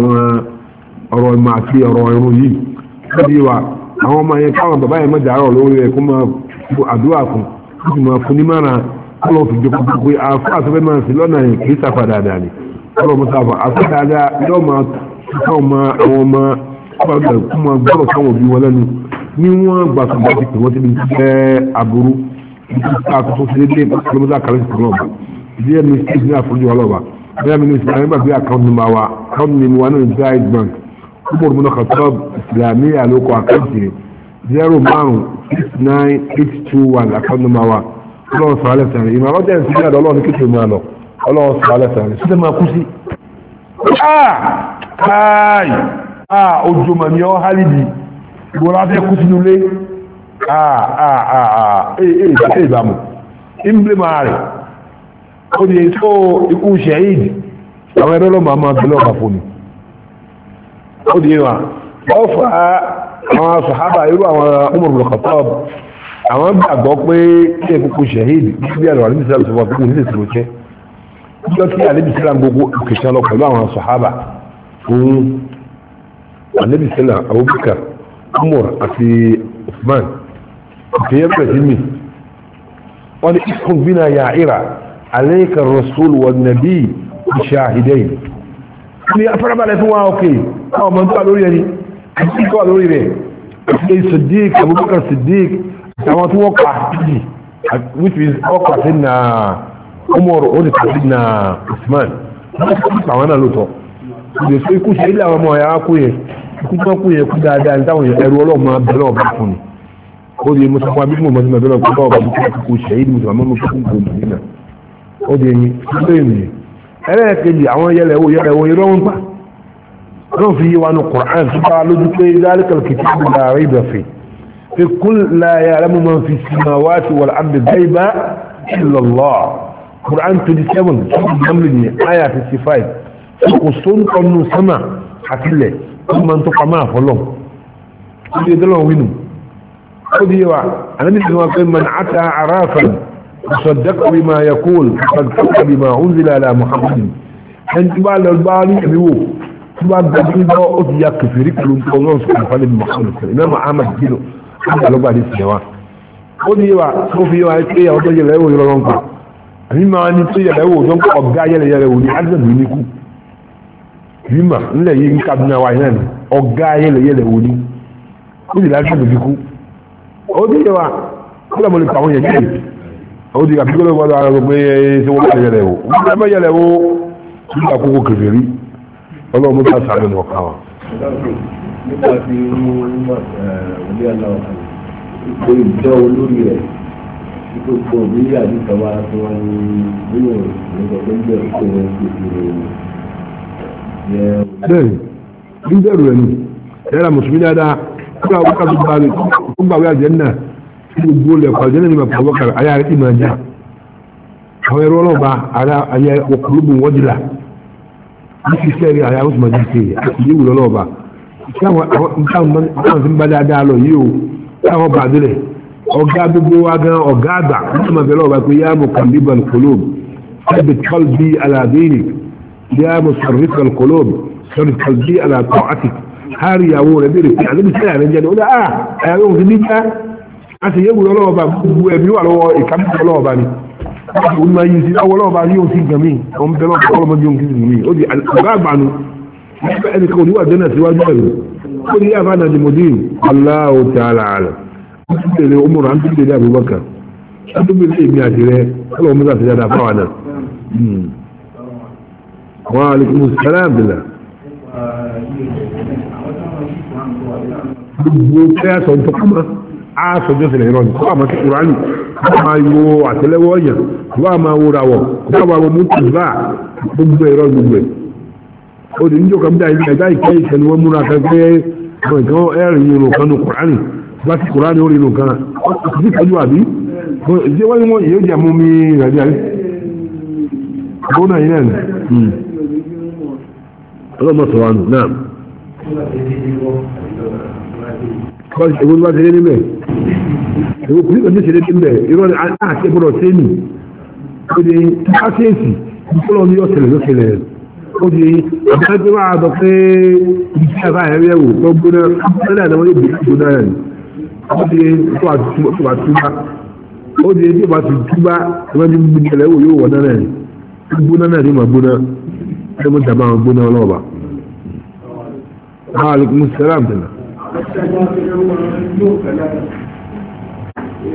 ìmọ̀ àti ọ̀rọ̀ ìrun yìí lọ́dí wa àwọn ọmọ yẹn káwọn bàbá yẹn mọ́jà àárọ̀ lórí ẹ̀ kó máa fún àdúrà fún kó sì máa fún ní mọ́ra kọ́lọ̀ fi jókòó gbogbo àfọ́ àtọ́fẹ́ máa sí lọ́nà yẹn kì í sàfà dáadáa ni kọ́lọ̀ mọ́ sàfà àfọ́ dáadáa yóò máa fún ọmọ àwọn ọmọ kọ́lọ̀ kó máa gbọ́dọ̀ sáwọn òbí wọn lẹ́nu ní wọ́n gbà tó bá ti pè wọ́n ti ní jẹ́ àbúrú nípa àtúntò sí umar bin khattab islamiyya ló kọ àkáǹtì zero márùn six nine eight two one àkáǹtì máa wà ọlọ́run sọ alẹ́ sàrẹ̀ ìmọ̀ ọlọ́jà ìsìn ní àdọ́ ọlọ́run ní kékeré máa lọ ọlọ́run sọ alẹ́ sàrẹ̀ sílẹ̀ máa kú sí. Ah! káàyè ah! ojú mà ní ọ́ hálìdì ìwọ la fẹ́ kú sínú ilé ee ìbámu ìmblémà rẹ̀ ó di èso ikú ṣẹ̀yìn àwọn ẹ̀rọ lọ́mọ àmọ́ abẹ́lẹ́ ọ̀gá fún mi ó di wa ó fa àwọn sàhábà irú àwọn Umar bin Khattab àwọn gbàgbọ́ pé kí ẹkùnkùn shahid bí àlọ́ àlébí sílẹ̀ sọ̀rọ̀ pé kò ní tètè lóṣẹ́ níjọ́ tí àlébí sílẹ̀ gbogbo òkèṣẹ́ lọ pẹ̀lú àwọn sàhábà òun àlébí sílẹ̀ Abubakar Umar àti Uthman òkèyẹ bẹ̀rẹ̀ sí mi wọ́n ní ìfún bínà ya'ira alayka ar-rasul wan-nabi ni afẹ́rẹ́bàlẹ̀ fún wa ọkè àwọn ọmọ tó wà lórí ẹni àti lórí rẹ̀ ṣe Siddiq Abubakar Siddiq àwọn tí wọ́n kà which is ọkà sí na Umar odi kà sí na Usman wọ́n ti kí àwọn náà lóòótọ́ ìdè sọ ikú ṣe ilé àwọn ọmọ ẹ̀yà kú yẹ ikú tó kú yẹ kú dáadáa ní táwọn ẹrú ọlọ́mọ abẹ́lẹ́ ọ̀bá fún ni ó di musa fún abíkú mọ̀mọ́sí mọ̀bẹ́lẹ́ ọ̀bá fún kí wọ́n kú ṣe ilé musa mọ́mọ́ fún kí wọ́n kú ẹlẹ́ẹ̀kejì àwọn yẹlẹ̀wò yẹlẹ̀wò irọ́ ń pa wọ́n fi wà ní Qur'an sípa lójú pé zalikal kitabu la rayba fi fi kul la ya'lamu man fi samawati wal ardi ghaiba illa Allah Qur'an 27 sọ́kùnrin ní àyà 55 kò sóun kọ́nù sánmà àtìlẹ̀ wọ́n máa ń tọ́ka máa fọlọ́ ó di ẹjọ́ lọ́wọ́ wínú ó di yẹ wa ànábìsí wọn pé man ata arafan صدق بما يقول تصدق بما أنزل على محمد أنت بعد الباري أبيو تبعد تبعد أتيا كفريك لنتوضون سبحانه محمد إمام عامد جلو هذا لو بعد السنوات قد يوا سوف يوا يتقيا وتجي لا يوا يرونك مما أن يتقيا لا يوا يرونك أبقى يلا يلا يوا يعزم منك مما لا ينكبنا وعينان أبقى يلا يلا يوا قد لا يعزم منك قد يوا كل ملك عون يجيب ó di àbí gbọ́dọ̀ gbọ́dọ̀ ara gbogbo ẹyẹ tí wọ́n bá yẹlẹ̀ wò wọ́n bá yẹlẹ̀ wò ní àkókò kẹfẹ́ rí ọlọ́run mú bá sàánù ní ọ̀kan wa. nípa ti mú ọdí aláwọ̀ ìpò ìjọ olórí rẹ̀ ipò ìpò òbí àti ìkàwá tí wọ́n ní nínú ìgbàgbọ́ ìgbà gbogbo lẹ́kọ̀ọ́ àjẹ́ náà ni bàbá Abubakar ayé àrẹ́tì máa jà àwọn ẹ̀rọ ọlọ́ba ara ayé ọkùnrin wọ́dìlà ní ṣiṣẹ́ rí ayé àwọn ọmọdé ṣe àtìlẹ́ ìwúlọ́ ọlọ́ba táwọn ti ń bá dáadáa lọ yìí o táwọn bá délẹ̀ ọ̀gá gbogbo wa gan ọ̀gá àgbà nígbà máa bẹ̀rẹ̀ ọba pé yá mo kàn bí ban kolob ẹbí tọ́l bí aláàbíyì yá mo sọ̀rọ̀ ban kolob sọ̀rọ̀ tọ́l bí aláàtọ̀ àti hárìyàwó rẹ̀ bèrè pé àdébísẹ́ àrẹ́jẹ́ ni ó dá àti yẹ́wù lọ́wọ́ bá gbogbo ẹ̀mí wà lọ́wọ́ ìkàmìkọ́ lọ́wọ́ bá ní wọ́n máa yìí sí ọwọ́ lọ́wọ́ bá ní yóò sí gàmí ọmọ bẹ́ẹ̀ lọ́wọ́ ọlọ́mọ yóò sí gàmí ó di àgbà àgbàánu ẹni kan oníwà dẹ́nà síwájú ẹ̀rù ó ní yàrá náà di mọ̀dín Allahu ta'ala rẹ̀ ó tún bèrè Umar à ń tún bèrè Abubakar ó tún bèrè èmi àti rẹ ọlọ́wọ́ mọ́tà ti dáadáa fáwọn náà. Hmm. wa alaikumus salam gbogbo tẹ́yà sọ̀tọ̀ kọ́mọ́ a sọjọ́ sílẹ̀ ìrọ̀ ní kọ́wàá máa kúránì kọ́wàá máa wo àtẹ́lẹ́wọ́ ọ̀yàn kọ́wàá máa wo ra wọ̀ kọ́wàá máa wo mútùbá gbogbo ìrọ̀ gbogbo ẹ̀ o ní níjọ́ kan bí i ẹ̀dá ìkẹ́ ìkẹ́ wọ́n múra kan pé àwọn ìkan ẹ̀rìn yìí nìkan ní kúránì bá ti kúránì orí nìkan ọ̀sán ti tọ́jú àbí ṣé wọ́n ní wọ́n yóò jẹ́ mú mi ìrìnàjò àrí gbóná yìí náà hmm. bá ti rí níbẹ̀ èwo kúrò oníṣẹ́lẹ̀ tó ń bẹ̀ irọ́ àti ìbúrọ̀ sẹ́ni ó di káṣíyèsí ìfọlọ́ ní ọ̀sẹ̀lẹ̀ lọ́sẹ̀lẹ̀ ó di àbájọ́ wa dọ̀ pé ìṣẹ́ àbá ẹ̀rí ẹ̀wò tó gbóná ọ̀sẹ̀lẹ̀ àdáwọ̀ yóò bìí gbóná rẹ̀ ó di tó bá túbá ó di tó bá túbá ìwádìí gbígbẹ̀lẹ̀ ẹ̀wò yóò wọ̀ náà rẹ̀ gbóná náà ní ma gbóná ẹ̀rọ mọ́ta bá gbóná ọlọ́ọ̀bà alaikum salaam tẹ̀lé tó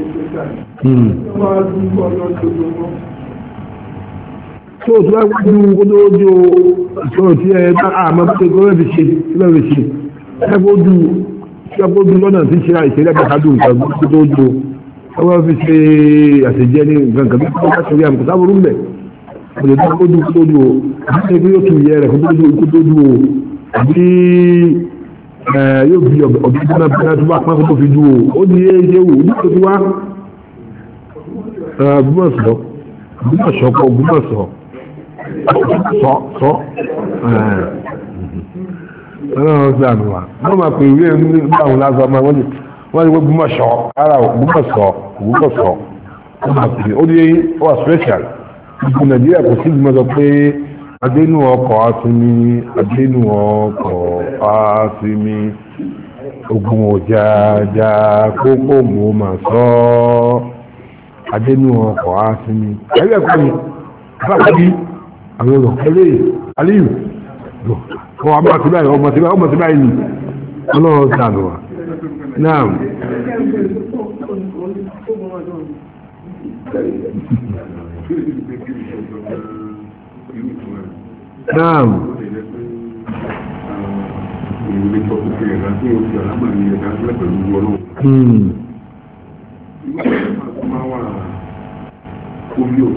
tó wájú olóòjò ìṣòro tí ẹ bá àmọ́ pé gọ́ọ̀rẹ́ fi ṣe sílẹ̀ fi ṣe ẹgbójú ẹgbójú lọ́nà tí ṣe àìṣẹ́lẹ̀ bàkádù nǹkan ọwọ́ fi ṣe àṣẹjẹ́ ní nǹkan yóò fi ọ̀bí gbígbóná bí wọ́n ti wá pọ́n tó fi dúró ó di ẹyẹ wò ní kò tí wá gbúmọ̀sọ̀ gbúmọ̀sọ̀ kọ gbúmọ̀sọ̀ sọ sọ ọlọ́run sí àmì wọ́n máa pè ìwé ẹni nígbà lásán ọmọ wọn ni wọ́n ti wọ́n gbúmọ̀sọ̀ ara gbúmọ̀sọ̀ gbúmọ̀sọ̀ wọ́n máa pè ó di ó special gbogbo nàìjíríà kò sí ìgbìmọ̀ pé adénú ọkọ̀ àtúnni adénú ọkọ̀ fàásìmí ogun òjàjà kókó mò mà sọ adénú ọkọ̀ àásìmí ẹgbẹ́ kọ́ mi báyìí àwọn olùkọ́lé aliyu kọ́ ọmọ àti báyìí ọmọ àti báyìí ọmọ àti báyìí ni ọlọ́run sànù wa náà Naam ìwé hmm. ìgbà tó máa wà omi lórí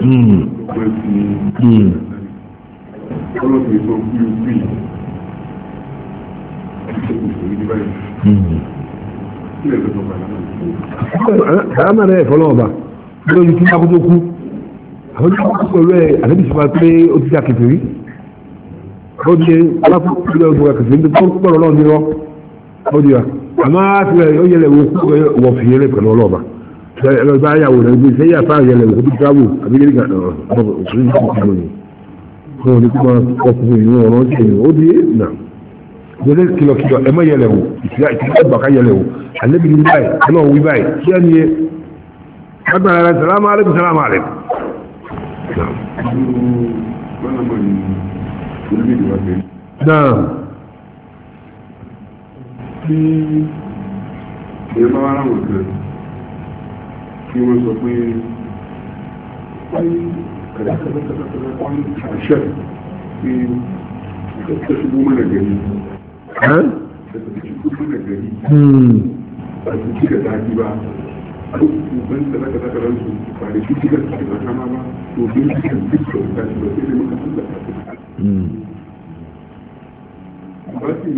hmm. hmm. kí n kó tó kú àwọn ìjọba pẹ̀lú ẹ̀ àlébìsí máa pé ó ti dá kékeré ó di aláfúnilẹ̀ ọdún akẹsẹ̀ ní tó gbọ́rọ̀ lọ́wọ́ nírọ́ ó di wa àmọ́ àfihàn ó yẹlẹ̀ wọ fi yẹlẹ̀ pẹ̀lú ọlọ́ọ̀bà ẹ̀rọ bá yàwó rẹ̀ gbé sẹ́yà fáà yẹlẹ̀ wọ́n ti dáwò àbí yẹlẹ̀ kan ọ̀rọ̀ òṣèlú ìkọ̀ọ̀kan ni wọn ni kuma ọkùnrin ìwọ̀n ọ̀rọ̀ ṣe yìí ó di nà yẹlẹ̀ kìlọ̀kìlọ̀ ẹ má yẹlẹ̀ wò ìtìlá ìgbà ká yẹlẹ̀ wò alẹ́bi ní báyìí ọlọ́run wí báyìí kí olúbi ni wọ́n gbé. náà bí èèyàn bá wá ráwọn kan kí wọ́n sọ pé wọ́n kàdákàdákàdá wọ́n àṣẹ pé ẹ̀ẹ́dẹ́gbẹ̀rún mọ́nà gẹ̀ẹ́ni. ẹ̀ẹ́dẹ́gbẹ̀rún mọ́nà gẹ̀ẹ́ni. àti kí kẹta kí bá a duk ban da zaka zaka ran su ba da shi da ke da kama ba to bin shi kan duk da ta shi ba sai muka san da ta ba shi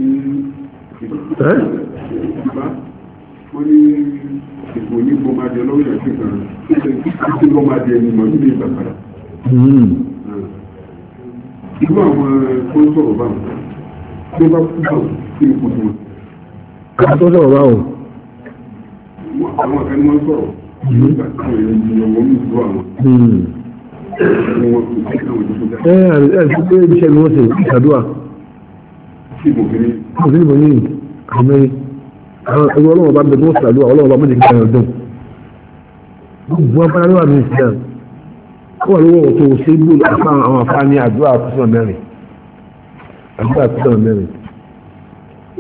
ne ba wani ìgbòní bọmadé lọ́wọ́ yẹn kan títí bọmadé ẹni mọ̀ nílé ìgbàkàrà. irú àwọn tó ń sọ̀rọ̀ báwọn tó bá kú báwọn sí ipò tó wọn. àwọn tó ń sọ̀rọ̀ báwọn àwọn ọ̀fẹ́ mọ́ sọ̀rọ̀ hmm. nígbà táwọn èèyàn ti yọ̀wọ́ ní ìlú àwọn hmm. ẹ ẹ ti pé iṣẹ́ ni wọ́n ṣe ìṣàdúrà kò sí ìbòmí àmì àwọn ẹgbẹ́ ọlọ́wọ́ bá bẹ̀rẹ̀ tó ṣàdúrà ọlọ́wọ́ bá mọ̀ nígbà ọdún gbogbo abáyé wà ní ìsìlẹ̀ ó wà lówó tó ṣe gbó àfa àwọn afá ní àdúrà àtúnṣe mẹ́rin àdúrà àtúnṣe mẹ́rin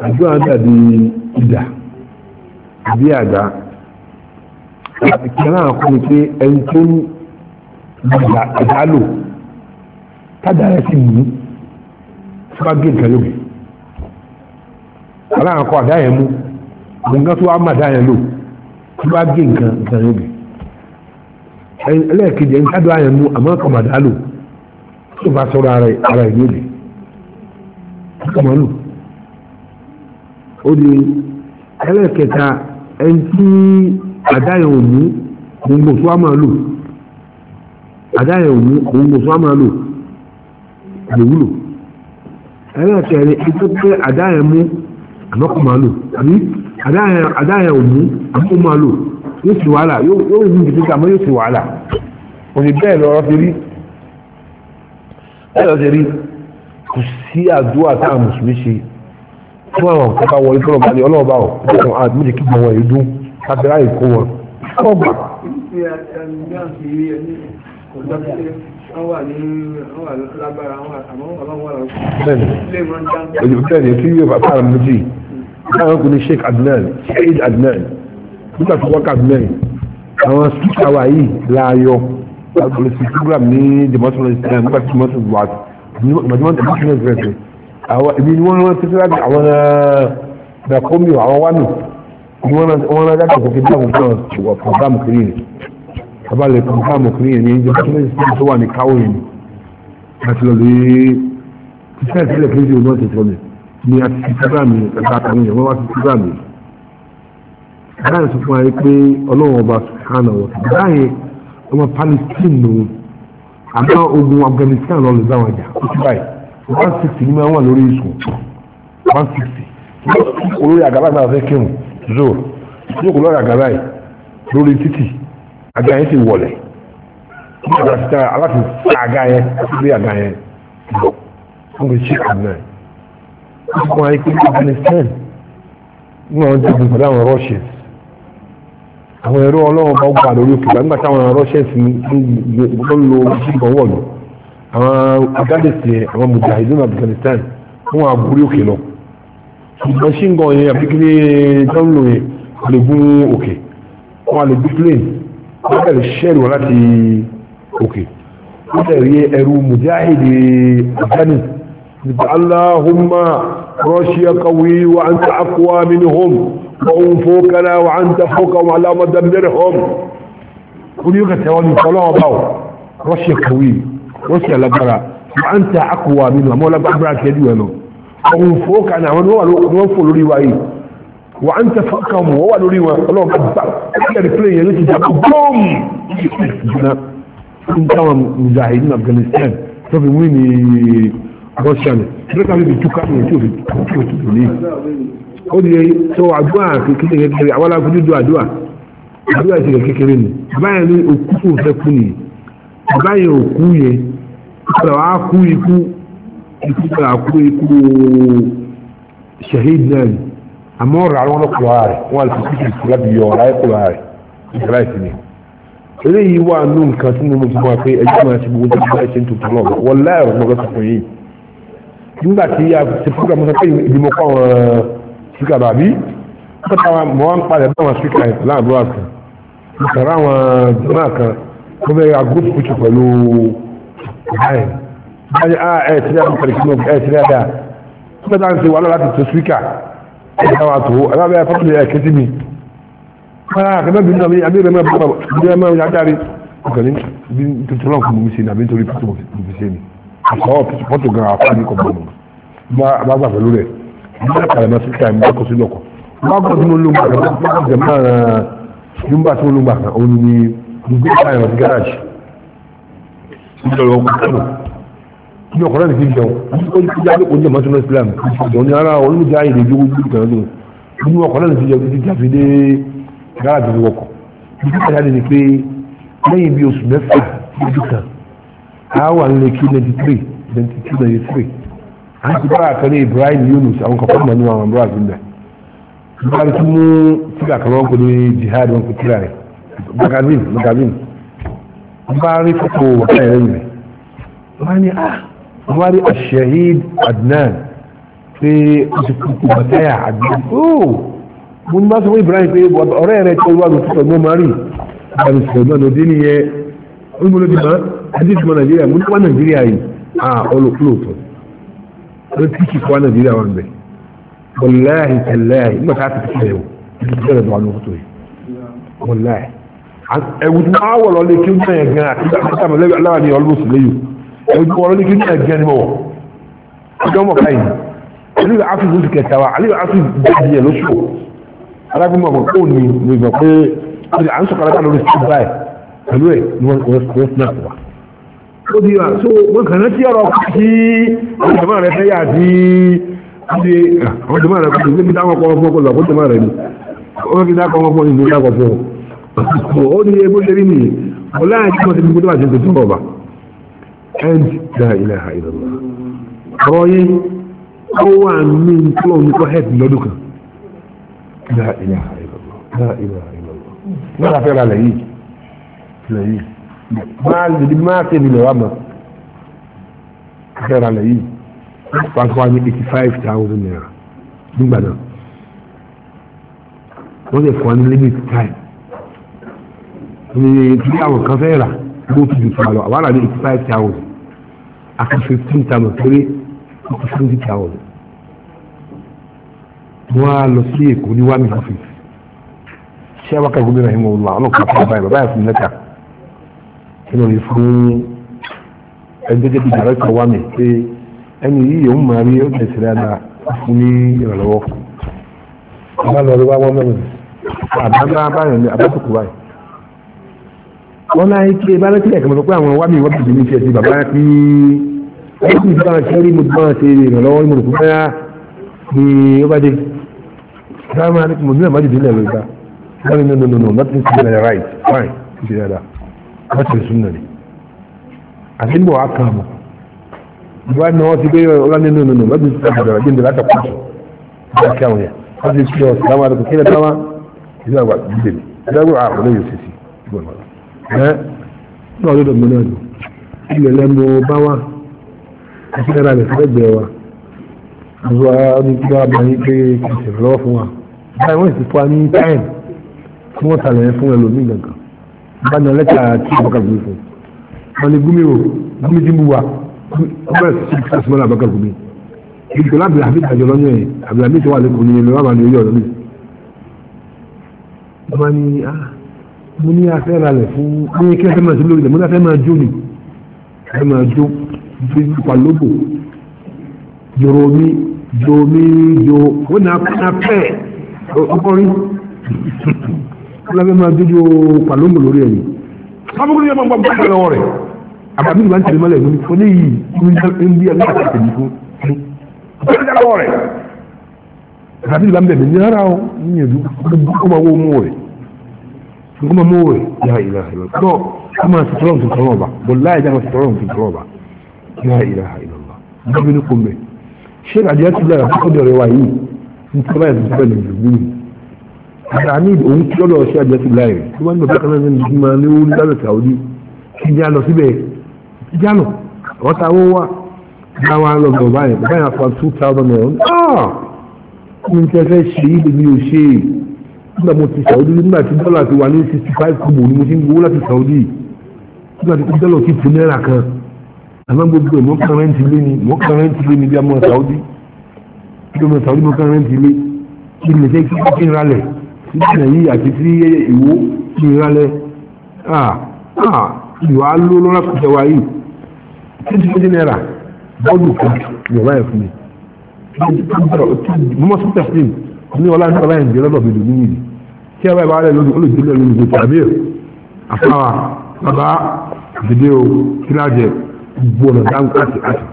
àdúrà dàbí ìdà àbí àdá àti kẹrán àkọlù pé ẹni tó ń gbàgbà àdálò tádà rẹ sì mú tí wọ́n gé nǹkan lóbi aláwọn akọ àdá yẹn mú nǹkan tó wàá má dá yẹn lò tí wọ́n gé nǹkan nǹkan lóbi ẹlẹ́ẹ̀kejì ẹni tádà yẹn mú àmọ́ kọ̀ má lò tí bá sọ̀rọ̀ ara ẹ̀ lóbi kọ̀ má lò ó di ẹlẹ́ẹ̀kẹta ẹni tí àdáyẹ̀ òmú òun gbòsó á máa lò àdáyẹ̀ òmú òun gbòsó á máa lò àlèwúlò ẹlẹ́ẹ̀kẹ́rin ètò pé àdáyẹ̀ mú àmọ́kò máa lò àbí àdáyẹ̀ òmú àmọ́kò máa lò yóò sì wàhálà yóò rí ibi títà mọ́ yóò sì wàhálà òní bẹ́ẹ̀ lọ́rọ́ ti rí ẹ̀rọ ti rí kò sí àdúrà táà mùsùlùmí ṣe fún àwọn nǹkan wọlé tọ́lọ̀ bá ọlọ́ọ̀bá ọ̀ kàdírà ìkó wọn. ó gbà. bẹ́ẹ̀ni bẹ́ẹ̀ni tí yóò bá fara méjì báwọn kò ní Sheikh Adnan Sheikh Adnan nígbà tó wọ́n Adnan àwọn síkà wa yìí láàyò àgbẹ̀lẹ̀ sí program ní jẹmọ́sọ̀rọ̀ ìsìlẹ̀ nígbà tí wọ́n ti wà jẹmọ́sọ̀rọ̀ ìsìlẹ̀ ìsìlẹ̀ àwọn ibi ni wọ́n rántí sí láti àwọn ẹ̀ẹ́dàkọ́mì eh, àwọn wánù wọ́n rájá kò fi dáhùn náà wà pàdámù kiri ni bàbá lè pàdámù kiri ni ìjọba tó lẹ́yìn sílẹ̀ tó wà ní káwọ̀ yìí ni láti lọ lè kíkẹ́ ìpínlẹ̀ kejì òun náà ti sọ ni ni a ti sábà mi ẹ̀ka àtàwọn èèyàn wọ́n wá ti sábà mi. bàbá yẹn sọ fún wa yìí pé ọlọ́run ọba sùkánà wọ̀ bàbá ọmọ palestine lòun àmọ́ ogun afghanistan lọ́ọ́ lè bá wọn jà ó ti báyìí one sixty ni wọ́n wà lórí ìsùn one sixty olórí àgàbàgbà fẹ́ kírun zoo jókòó lọ́rọ̀ àgàrà ẹ̀ lórí títì àga yẹn ti wọlẹ̀ aláti àga yẹn sílé àga yẹn lọ wọ́n lè ṣe àná ẹ̀ wọ́n ti kọ́ ayé pé Afghanistan ní àwọn jẹ́gun pẹ̀lú àwọn Russians àwọn ẹ̀rọ ọlọ́wọ́ bá gbà lórí òkè gbàgbà táwọn Russians ń lo ìṣìnbọn wọ̀lú àwọn Afghanistan àwọn mujahideen Afghanistan wọ́n á gúrí òkè lọ ṣùgbọ́n ṣíngọ̀ yẹn àbíkílé jọ́nlò yẹn wọ́n lè gún òkè wọ́n lè gbé plane wọ́n bẹ̀rẹ̀ ṣẹ́rì wọn láti òkè wọ́n bẹ̀rẹ̀ ẹrú mujahidi afghani nípa aláhùnmá rọ́ṣíà kawí wa an ta akwa mini hom wa un um fokana wa an ta foka wa alama dambir hom wọ́n yóò kẹta wọn nìkan lọ́wọ́ báwọ̀ rọ́ṣíà kawí rọ́ṣíà lágbára wa an ta akwa mini hom wọ́n lágbára kẹ́dùwẹ̀ náà àwọn òfòókà ní àwọn wọ́n fò lórí wa yìí wà á ń tẹ fọ́ọ̀kà mọ̀ wọ́n wà lórí wa ọlọ́run bá bá ẹgbẹ́ rẹ̀ pílẹ̀ yẹn ló ti jà bá bọ́ọ̀mù ìjìnà ń táwọn mùjáhìí ní Afghanistan tó fi wí ní russia ní ẹgbẹ́ kan fi túká ní ètò òfin tó tó tó ní. ó di tó àdúrà kékeré kékeré àwọn aláfojú do àdúrà àdúrà ìṣẹ̀lẹ̀ kékeré ni báyẹn ní òkú tó fẹ́ kú nìyí báyẹn òkú yẹn ìkúta àkú ikú shahid náà ni àmọ́ ọ̀rọ̀ àwọn ọlọ́kùnrin ara rẹ̀ wọ́n àti kúkú ìkú láti yọ ọ̀rọ̀ ayẹ́kùnrin ara rẹ̀ ìjọba ìsìn ni eléyìí wà nù nǹkan tí mo mú fún wa pé ẹjọ́ máa ṣe gbogbo tí wọ́n ṣe ń tuntun náà wọ́n láàrọ̀ mọ́ lọ́sọ̀ fún yìí nígbà tí a ti fúnra mọ́ sọ́kẹ́ ìdìmọ̀ kọ́ àwọn síkà bàbí pátá mọ́ ń palẹ̀ bá wọn síkà láàbúrò àkàn ìkàrà àwọn jọmọ́ àkàn wọ́n fẹ́ agúrúfù pẹ̀lú ìbáyìí ayé a ẹ ti ní àwọn kẹrìkì náà ẹ ti ní àdá tó bẹ́ẹ̀ náà ṣe wàhálà láti tó síkà ẹ ti náà tó ẹ náà bẹ́ẹ̀ fọ́tò ní ẹ̀kẹ́ sí mi kọ́lá àkẹ́bẹ́ bí náà a rẹ̀ mẹ́rin bí adarí ọkàn ní bí tuntun náà kò mú mi sí ní àbí nítorí fọ́tò mú mi sí ní àṣọ fọ́tò gan afá ní kọ̀ọ̀bọ̀n mọ́ bá gbà pẹ̀lú rẹ̀ bí wọ́n kàlẹ́ mọ́ síkà ní ọkọ̀ sílẹ̀ ọkọ̀ wọ́n gbọ́dọ̀ tó lóun gbà kan wọ́n jẹ̀ mọ́ ní ọkùnrin àti ìjẹun ó ti jáde kó jẹ mọ́tò islam ìjọ ní ara olùjẹ àyèrè ìjọ gbogbo ìgbà lọ́dún nínú ọkùnrin àti ìjẹun ti jáde dé gára àti ìwọkọ̀ ní kíkà jáde ni pé lẹ́yìn bí oṣù mẹ́fà lójú kan a wà nílé kí ninety three ninety two ninety three a ti bára kan ní Ibrahim Yunus àwọn kan fọ́ọ̀mù àwọn àbúrò àti ìgbà nígbà tí mú tíga kan wọn kò ní jihad wọn kò tíra rẹ magazine magazine wọn bá rí fọ́tò wọ́n ká ẹ̀rẹ́ yìí rẹ̀ wọ́n á ní ah wọ́n rí asahid adnan pé o ti kú kú bàtáyà adnan ooo mo ní bá sọ fún ibrahim pé ọ̀rẹ́ rẹ tó wà lóṣù tó gbọ́n mari ẹ̀rù sọ̀gbọ́n ló dé nìyẹn ó ní mo ló ti mọ́ adéṣù mọ́ nàìjíríà mo ní wá nàìjíríà yìí à ọlọ́kúlò tó ló ti kì kọ́ nàìjíríà wọn bẹ̀ wọláhì tẹ̀láhì nígbà tá a ti kíkẹ́ ẹ̀wò ní bẹ́ẹ̀ lọ́wọ́ àwọn fótó yìí wọláhì ẹ̀wù tí wọ́n wọ̀ lọ kí ó ń tẹ̀yẹ̀ gan àti ẹgbẹ́ ọ̀rọ̀ ní kí ní ẹgbẹ́ ni mọ̀ ọjọ́ mọ̀ káyìí aliyu afiz ló ti kẹta wa aliyu afiz dáadé ẹ̀ lóṣù arábìnrin mọ̀ kó ní ní ìgbà pé à ń sọ̀kalẹ̀ ká lórí sí báyìí pẹ̀lú ẹ̀ ni wọ́n wọ́n snap wa. ó di wa so wọn kàn án tí ọ̀rọ̀ kí àwọn jàmbá rẹ fẹ́ yà sí ṣe àwọn jàmbá rẹ kọ́ níbi táwọn kọ́ fún ọkọ̀ lọ́kọ́ jàmbá rẹ ni wọ́n fi dákọ̀ and la ilaha illallah ọ̀rọ̀ yẹn ó wà ní ìtọ́lọ̀ ní kọ́ head lọ́dún kan la ilaha illallah la ilaha illallah náà kàfẹ́ ra lẹ́yìn lẹ́yìn máa lè máa tẹ̀ nílẹ̀ wà mọ́ kàfẹ́ ra lẹ́yìn wọ́n fún wa ní eighty five thousand naira nígbà náà wọ́n lè fún wa ní limit time ní ìdílé àwọn kan fẹ́ rà ló ti dùn fún wa lọ àwọn àlàyé eighty five thousand àti fifteen thousand péré fifty twenty thousand wọ́n á lọ sí èkó ní one million six ṣé awakọ̀ gómìnà yìí wọ́n lọ àwọn kan fún báyìí bàbá yà fún lẹ́tà ẹni òye fún ẹgbẹ́jẹ́ bíi dàrẹ́tà wà mí pé ẹni yìí yóò máa rí ó tẹ̀sí dáadáa fún ní ìrànlọ́wọ́ bàbá lọ rí wá wọ́n mẹ́rin àbámá báyìí ní abátòkù báyìí wọ́n náà kí ẹ bá rántí ẹ̀kan mọ̀ pé àwọn wábì wábì ìdílé ṣe ti bàbá tí wọ́n sì bá ṣe rí mo bá ṣe ìrànlọ́wọ́ ìmọ̀ òkú báyà ni ó bá dé sáwọn àti mo nílò májèlé lẹ́rọ ìgbà wọ́n ní no no no nothing to be right fine kì í ṣe dáadáa wọ́n ti sùn nàní àti níbo wàá kàn mọ́ ìwà ni wọ́n ti gbé ọlá ní no no no nothing to be right dáadáa gbẹ̀ndẹ̀ láti pàṣẹ ìgbà kí àwọn yẹn wọ́n ti sùn ọ̀ sáwọn àti kò kí ẹ́ náà ló dọ̀gbọ́n náà lò ilẹ̀ lẹ́nu bá wà àti ẹ̀rọ àlẹ́ fẹ́gbẹ̀ẹ́ wa àwọn ọdún tí wọ́n bá yín pé kò sì lọ́wọ́ fún wa báyìí wọ́n sì fún wa ní táìm tí wọ́n sàlẹ̀ fún ẹlòmíì gangan bá ní ọlẹ́ta tí àbọ̀kà gbé fún wọn ni gúmi o gúmi ti ń bu wa ọgbẹ́ sí àtúmọ̀lá àbọ̀kà gúmi ìgbìkọ̀ lábìlà àbí ìtàjọ lọ́yẹ̀ àbìlà mi ti wà lẹ́kùn ní ẹlẹ́wàá mo ní afẹ́ ra lẹ̀ fún ní kí afẹ́ máa ṣe lórí rẹ̀ mo ní afẹ́ máa jó ni afẹ́ máa jó bí palóbò jòrò mi jò mi jò ó nà á pẹ́ ọkọrin ó lábẹ́ máa dójú palóbò lórí ẹ̀yìn sábúkú ní ọmọ gbọ́ gbọ́ lọ́wọ́ rẹ̀ àbàmì ìgbà ń tẹ̀lé mọ́lẹ̀ mo ní fún yìí ń bí ẹgbẹ́ àti tẹ̀lé fún mi gbọ́dọ̀ lọ́wọ́ ìgbà ń bẹ̀ mí ní rárá o ní ìlú ó kuma mowe la ilaha illallah ko kuma sitron tun tọrọ ba wallahi da sitron tun tọrọ ba la ilaha illallah nabi ni kumbe shi da ya tsaya ko da rewayi in tsara ya tsaya ne dubi ah! da ni da un tsoro shi da tsaya ne kuma ne ba kana ne ma ne un da saudi ki ja lo sibe ki lo o ta da wa lo go bai bai na fa 2000 ah min te shi bi mi shi nígbà mo ti Saudi nígbà tí dọ́là ti wà ní sixty five kobo ni mo ti ń gbowó láti Saudi nígbà tí dọ́là ti tu náírà kan àmọ́ gbogbo ẹ̀ mọ́ kàn rẹ́ǹtì lé ni mọ́ kàn rẹ́ǹtì lé ni bí a mọ́ Saudi bí a mọ́ Saudi mọ́ kàn rẹ́ǹtì lé kí ni ṣe kí n ralẹ̀ sí nàìjíríà àti sí ìwó kí n ralẹ̀ ìwà ló lọ́la kò jẹ́ wa yìí twenty twenty naira bọ́ọ̀lù kan yọ̀wá ẹ̀ fún mi. mo mọ̀ sí ní ọlá ní ọlá ìjẹ́ lọ́dọ̀ mi lòdì yìí kí ẹ bá ibà rẹ̀ lónìí olùdíje lónìí lónìí tàbí àfáwà bàbá dìde o kíláàjẹ gbogbo ọ̀nà dáhùn àti àti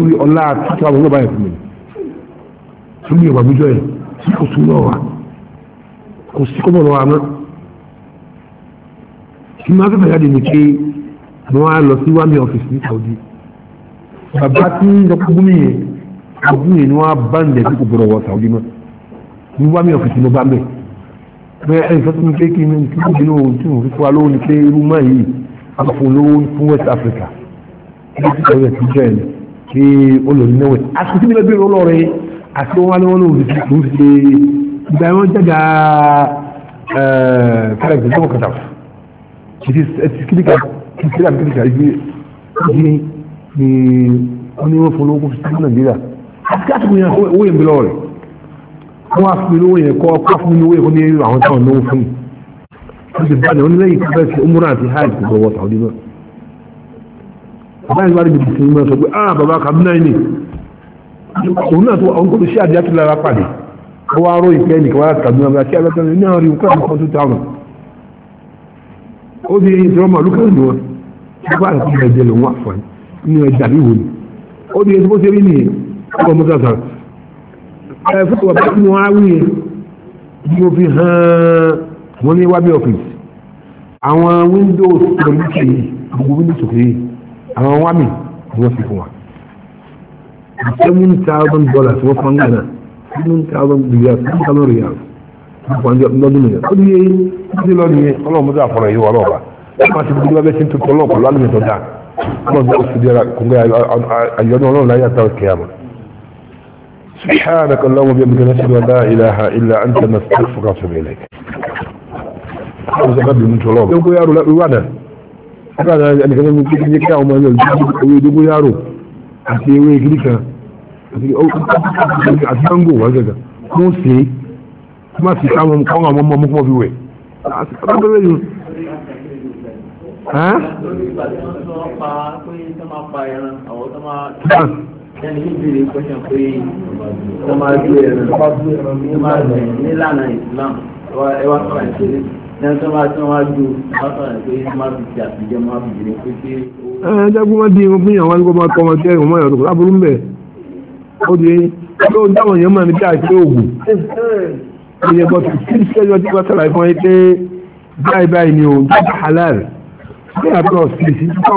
ní ọlá títí àwọn ọlọ́ba yẹn fún mi tún ní ìwà gbíjọ yẹn tí kò sún náà wà kò sí kọ́mọ̀ lọ́wọ́ àmọ́ kí máa fẹ́fẹ́ jáde ní pé wọ́n á lọ sí wámi ọ́fíìsì ní Saudi bàbá tí ń lọ abu yẹn ni wọn bá ń lẹ kó gbọ́dọ̀ wọ Saudi ma ní wàá mi ọfìsì ló bá mẹ bẹ́ẹ̀ ẹ fẹsẹ̀ mi kéèké mi kí ló dínú ohun tí mo fi fún wa lóhùn ní pé irú máa yìí a lówó fún West Africa ní ti sọ yẹn ti jẹ ẹ pé ó lò ní náwó àti níbi bẹ́ẹ̀ lọ rẹ àti wọn wá lọ́wọ́ lóhùn ti kò ń ṣe ìgbà wọn jẹgà ẹ kárẹ̀kì ní wọn ní fún Nàìjíríà àti kásìkò yẹn owó yẹn bẹ̀rẹ̀ rẹ̀ wọ́n á fún mi lówó yẹn kọ́ kọ́ fún mi lówó yẹn kọ́ ní àwọn táwọn lówó fún mi wọ́n ti bá ní wọ́n ní lẹ́yìn tó fẹ́ fi umura àti hajj kò gbọ́wọ́ sàwọ́dí náà bàbá yẹn wá níbi tuntun náà sọ pé ah bàbá kàmínà yìí ni òun náà tó àwọn kò sí àdíyà tó lára pàdé wọ́n wá ròyìn pé ẹnìkan wá láti kàmínà kí abẹ́tọ́ ní àwọn ríun kọ́ àkókò tó táwọn ó di ìṣòro màlúù ó di ẹsẹ̀ bó ṣe rí nìyẹn ọkọ̀ mọ́sá sàn ẹ fún ọba tí wọ́n á wíye bí mo fi hàn wọ́n ní wábí ọ́fíìsì àwọn windows pẹ̀lú kìí gbogbo windows kìí àwọn wámi ni wọ́n fi fún wa seven thousand dollars wọ́n fún gánà seven thousand riyals seven thousand riyals wọ́n fún ọjọ́ lọ́dún nìyẹn ó ní ó ní lọ́dún yẹn ọlọ́run mọ́sá àfọ̀rọ̀ yìí wọ́n lọ́ọ̀bà wọ́n máa ti gbogbo ẹgbẹ́ sí tuntun ọlọ́ọ̀kọ̀ lálùmí tó dáa wọ́n máa gbọ́ ọ̀sùn díẹ̀ kò ń gbé ayọ́dún ọlọ́run láyé àtàwọn kìí àmọ́ سبحانك اللهم وبحمدك نشهد ان لا اله الا انت نستغفرك ونتوب اليك ọ̀sẹ̀ kábìlì ní tọ́lọ́ ọ̀gbọ́n yàrá ìwádà ìwádà ẹnìkan ní kí ní kí àwọn ọmọ ẹgbẹ́ owó ìdógún yàrá àti ewé ìgírí kan àti mango wà gẹ́gẹ́ mú sí i má sì káwọn káwọn àwọn ọmọ ọmọkùnmọ́ fi wẹ̀ ọ̀gbọ́n yìí. Hàn? Lórí ìgbà tí wọ́n sọ pa pé sọ ma pa ẹran, àwọn sọ ma ẹni yìí bèrè kọ́ṣẹ́ pé wọ́n máa ju ẹ̀rọ wọ́n máa ju nílànà Islam ẹ wá sọ̀rọ̀ ìpè lẹ́yìn tó máa tún wá ju wá sọ̀rọ̀ ìpè máa fi pé ẹ ẹ jágun máa di irun fún yàrá wọn kó máa tọ́ ọmọ tẹ́ dáwọn èèyàn máa ní bí àìpé òògùn ìyẹn bọ́ sí kí sẹ́yọ́ tí wọ́n sọ̀rọ̀ ìfọ̀n pé báyìí báyìí ni òun tó bá halal bí àbúrò sí sí tó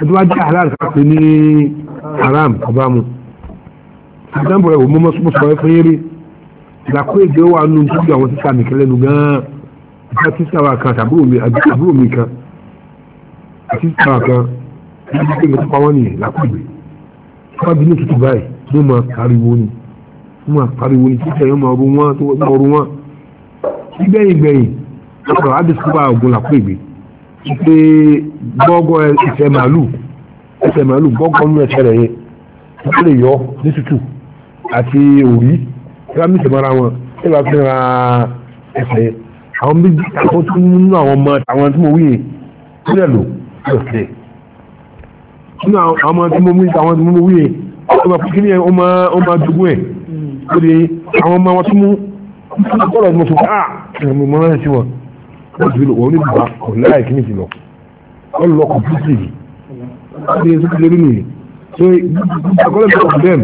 ẹ̀dùn ajé halal sáfì ní haram ọbaamu àdánbọ̀ ẹ̀wọ̀ mọ́mọ́ sọ ẹ fún yẹ́rẹ́ ìdàkọ́ èdè wà nù tó bí àwọn sísá mi kẹlẹ́ nu gan-an ìta sísá wa kan àbúrò mi kan àti sísá wa kan ìdí pé mo tó pa wọ́n nìyẹn làkúgbè wọ́n á gbẹ̀yìn gbẹ̀yìn ọkọ̀ adé sọ́kọ̀ pé gbọ́gbọ́ ẹsẹ̀ màálù ẹsẹ̀ màálù gbọ́gbọ́ nínú ẹsẹ̀ rẹ̀ yẹn wọ́n lè yọ ní tútù àti òrí ẹ̀ka mí ìsẹ̀mọ́ra wọn ẹ̀ bá fi ra ẹsẹ̀ yẹn àwọn bí àwọn tó ń nú àwọn ọmọ àwọn tí mo wí yẹn tó lẹ̀ lò ọ̀sẹ̀ nínú àwọn ọmọ tí mo wí àwọn tí mo wí yẹn ọmọ kí ni ọmọ ọmọ dùgbò ẹ̀ lóde àwọn ọmọ wọn tó mú ọ̀rọ̀ ìmọ̀sùn wọ́n ti lò wọ́n ní bàbá ọ̀láì kí ní ti lọ wọ́n lọ kọ̀mpútì yìí wọ́n ti yẹ sókè lórí nìyí so ìgbàgbọ́lẹ̀ mi kọ̀ bẹ́ẹ̀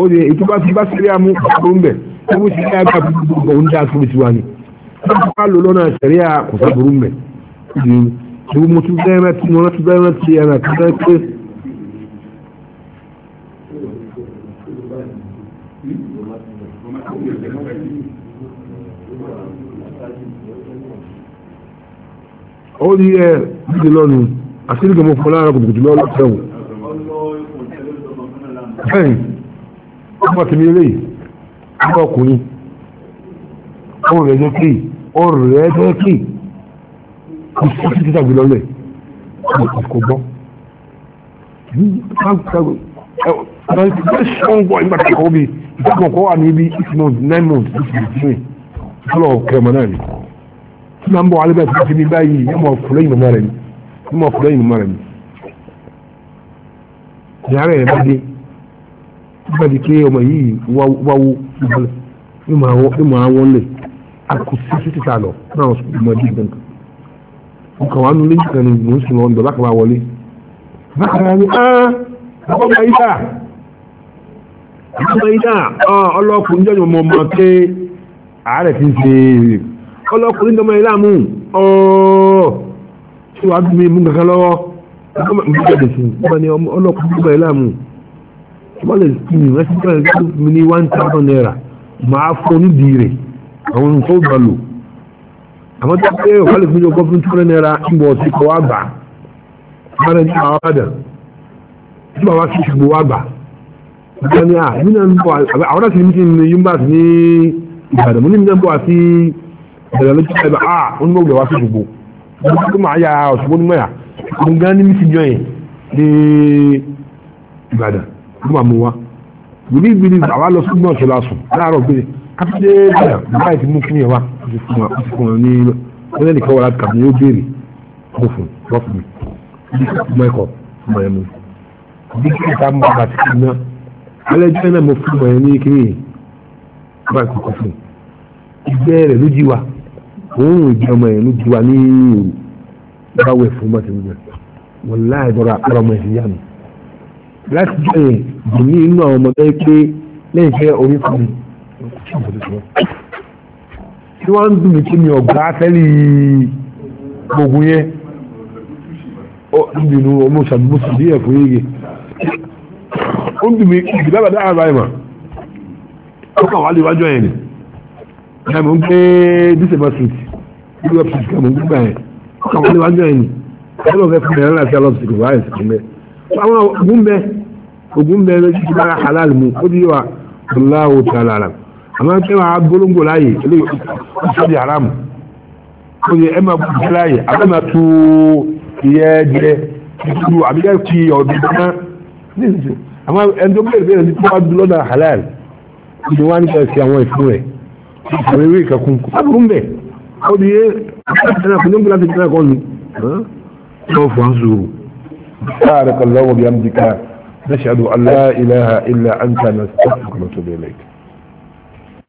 ó ní ètò bá ti bá sílẹ̀ amú kó ń bẹ̀ ó bó ti ká bá gbogbo ń dá sórí tiwa ni wọ́n ti bá lò lọ́nà sẹ̀ríà kò sábòrú mẹ́ ìdí ìwọ́n mo tún bẹ́ẹ̀ rántí mo rántí bẹ́ẹ̀ rántí ẹ̀ràn ó rí ẹ dídì lọ́nu àti nígbà mo fún lára kùtùkùtù lọ́wọ́ lọ́sẹ̀wọ̀n. bẹ́ẹ̀ ọmọ tèmi lè ọmọ ọkùnrin ọmọ rẹ̀ jẹ́ kí ọrọ̀ rẹ̀ jẹ́ kí kò sí títí tàbí lọ́lẹ̀ kò gbọ́. Àwọn ìgbésẹ̀ ṣọ́ngbọ̀n ìgbà tí kò bí ìgbà kan kọ́ wà ní ibi months nine months ní ìgbésẹ̀ ìfọlọ́ kẹrẹmọ náà ni tí máa ń bọ̀ alẹ́bẹ̀ tó ti ní báyìí yóò mọ̀ fúlẹ́ ìmọ̀ mẹ́rẹ̀ ni yóò mọ̀ fúlẹ́ ìmọ̀ mẹ́rẹ̀ ni. ìyára ẹ̀ bá dé bá di pé ọmọ yìí wáwó ìbọlẹ̀ ìmọ̀ àwọn lè àkùsí títí ta lọ náà ìmọ̀ ẹ̀dí ìgbẹ́ nǹkan. nǹkan wà nílé nǹkan ni mò ń sìn wọn dọ̀lá kaba wọlé. bákan ni ọmọ yìí dà ọmọ yìí dà ọlọ́kùnrin jẹ́ ọmọ ọmọ pé àárẹ̀ ti ń ọlọ́kùnrin dọ́mọ ilé àmú ọ̀ọ́ tí wàá bí mi mú kankan lọ́wọ́ ọlọ́kùnrin dọ́mọ ilé àmú wọ́n lè sìn mí wọ́n ti gbọ́dọ̀ gbọ́dọ̀ fún mi ní one thousand naira màá fún ní dìrè àwọn nǹkan ò bá lò àmọ́ tó pé ọ̀fà lè fún mi ọkọ̀ fún two hundred naira ń bọ̀ sí kọ́ wá gbà wọ́n lè ní àwọn padà tí bàbá sì ṣùgbọ́ wá gbà wọ́n ní à mí náà ń bọ̀ àwọn láti ní mi ti ní yunifásitì ẹ̀rọ ló ti sẹ́ bá ah ó ní mọ̀ wùlẹ̀ wá sí Òṣogbo mo ti kó máa ya Òṣogbo ní mọ̀yà mo gan ní mísì jọ yẹn ní Ìbàdàn ló máa mú wa wòlíì gbìlì àwa lọ sí gbọ́n ṣọlá sùn láàárọ̀ gbé káfíńdé Ìbàdàn báyìí ti mú kí ni ẹ̀ wá ó ti fún wa ó ti fún wa ní wọ́n lẹ́nu ìkọ́wọ́ láti kàbí ó béèrè fún fún wọ́n fún mi bí mo ẹ̀kọ́ fún mọ̀ ẹ̀ mu bí kí ẹ̀ka mú bàtí kí n ná alẹ́ jẹ́ náà mo fún mọ̀ ẹ̀ ní kí ni báyìí kò kọ́ fún ìgbẹ́ rẹ̀ ló jí wa òun ò jẹ ọmọ yẹn ló ju wa ní ìrù báwo ẹ̀ fún bàtí wíwẹ̀ wọn láì dọ́ra àpárá ọmọ ẹ̀sìn yá mi láti jọ yẹn dùnmí inú àwọn ọmọ bẹ́ẹ̀ pé lẹ́yìn fẹ́ orí fún mi tí wọ́n ń dùn mí kí mi ọ̀gá tẹ́lẹ̀ gbogbo yẹn ó ń dùnú ọmọ sàdúgbòsì bí ẹ̀fọ́ yége ó ń dùn mí ìdílábàdà àrà ẹ̀ mà ó kà wá lè wájọ yẹn ni ẹ̀mú pé dísèbọ̀ street bí wọ́n fi kàmú gbígbà yẹn ọkàn wọn níwájú ẹ̀yìn ẹ̀rọ fẹ́ fún mi ẹ̀rọ láti ọlọ́sì kò wáyé sí mi. àwọn ogun bẹ ogun bẹ ló ti bára halal mu ó di wa aláwo ti alára àmọ́ ẹ máa gbólóńgbò láàyè ilé ìṣòdì haram ó di ẹ máa gbólóńgbò láàyè àbẹ́ máa tu ìyẹ́ jẹ ìtúrú àbíkẹ́ fi ọ̀dùn dáná nísinsìnyí àmọ́ ẹni tó bẹ̀rẹ̀ bẹ̀rẹ̀ ní tó bá dúró náà halal ni wọ́n á ní ká ṣe àwọn ìfún rẹ̀ ìfún rẹ̀ kẹ́kún kó sábùrú ń bẹ̀rẹ̀ ó di yé ẹnìkan kò ní gbọ́dọ̀ ti tẹ́lẹ̀ kọ́ ni lọ́wọ́ fún sùúrù. sáà rẹ̀ kan lọ́wọ́ bí i am jìkà nashhadu an la ilaha illa anta nastaghfiruka wa natubu ilayk.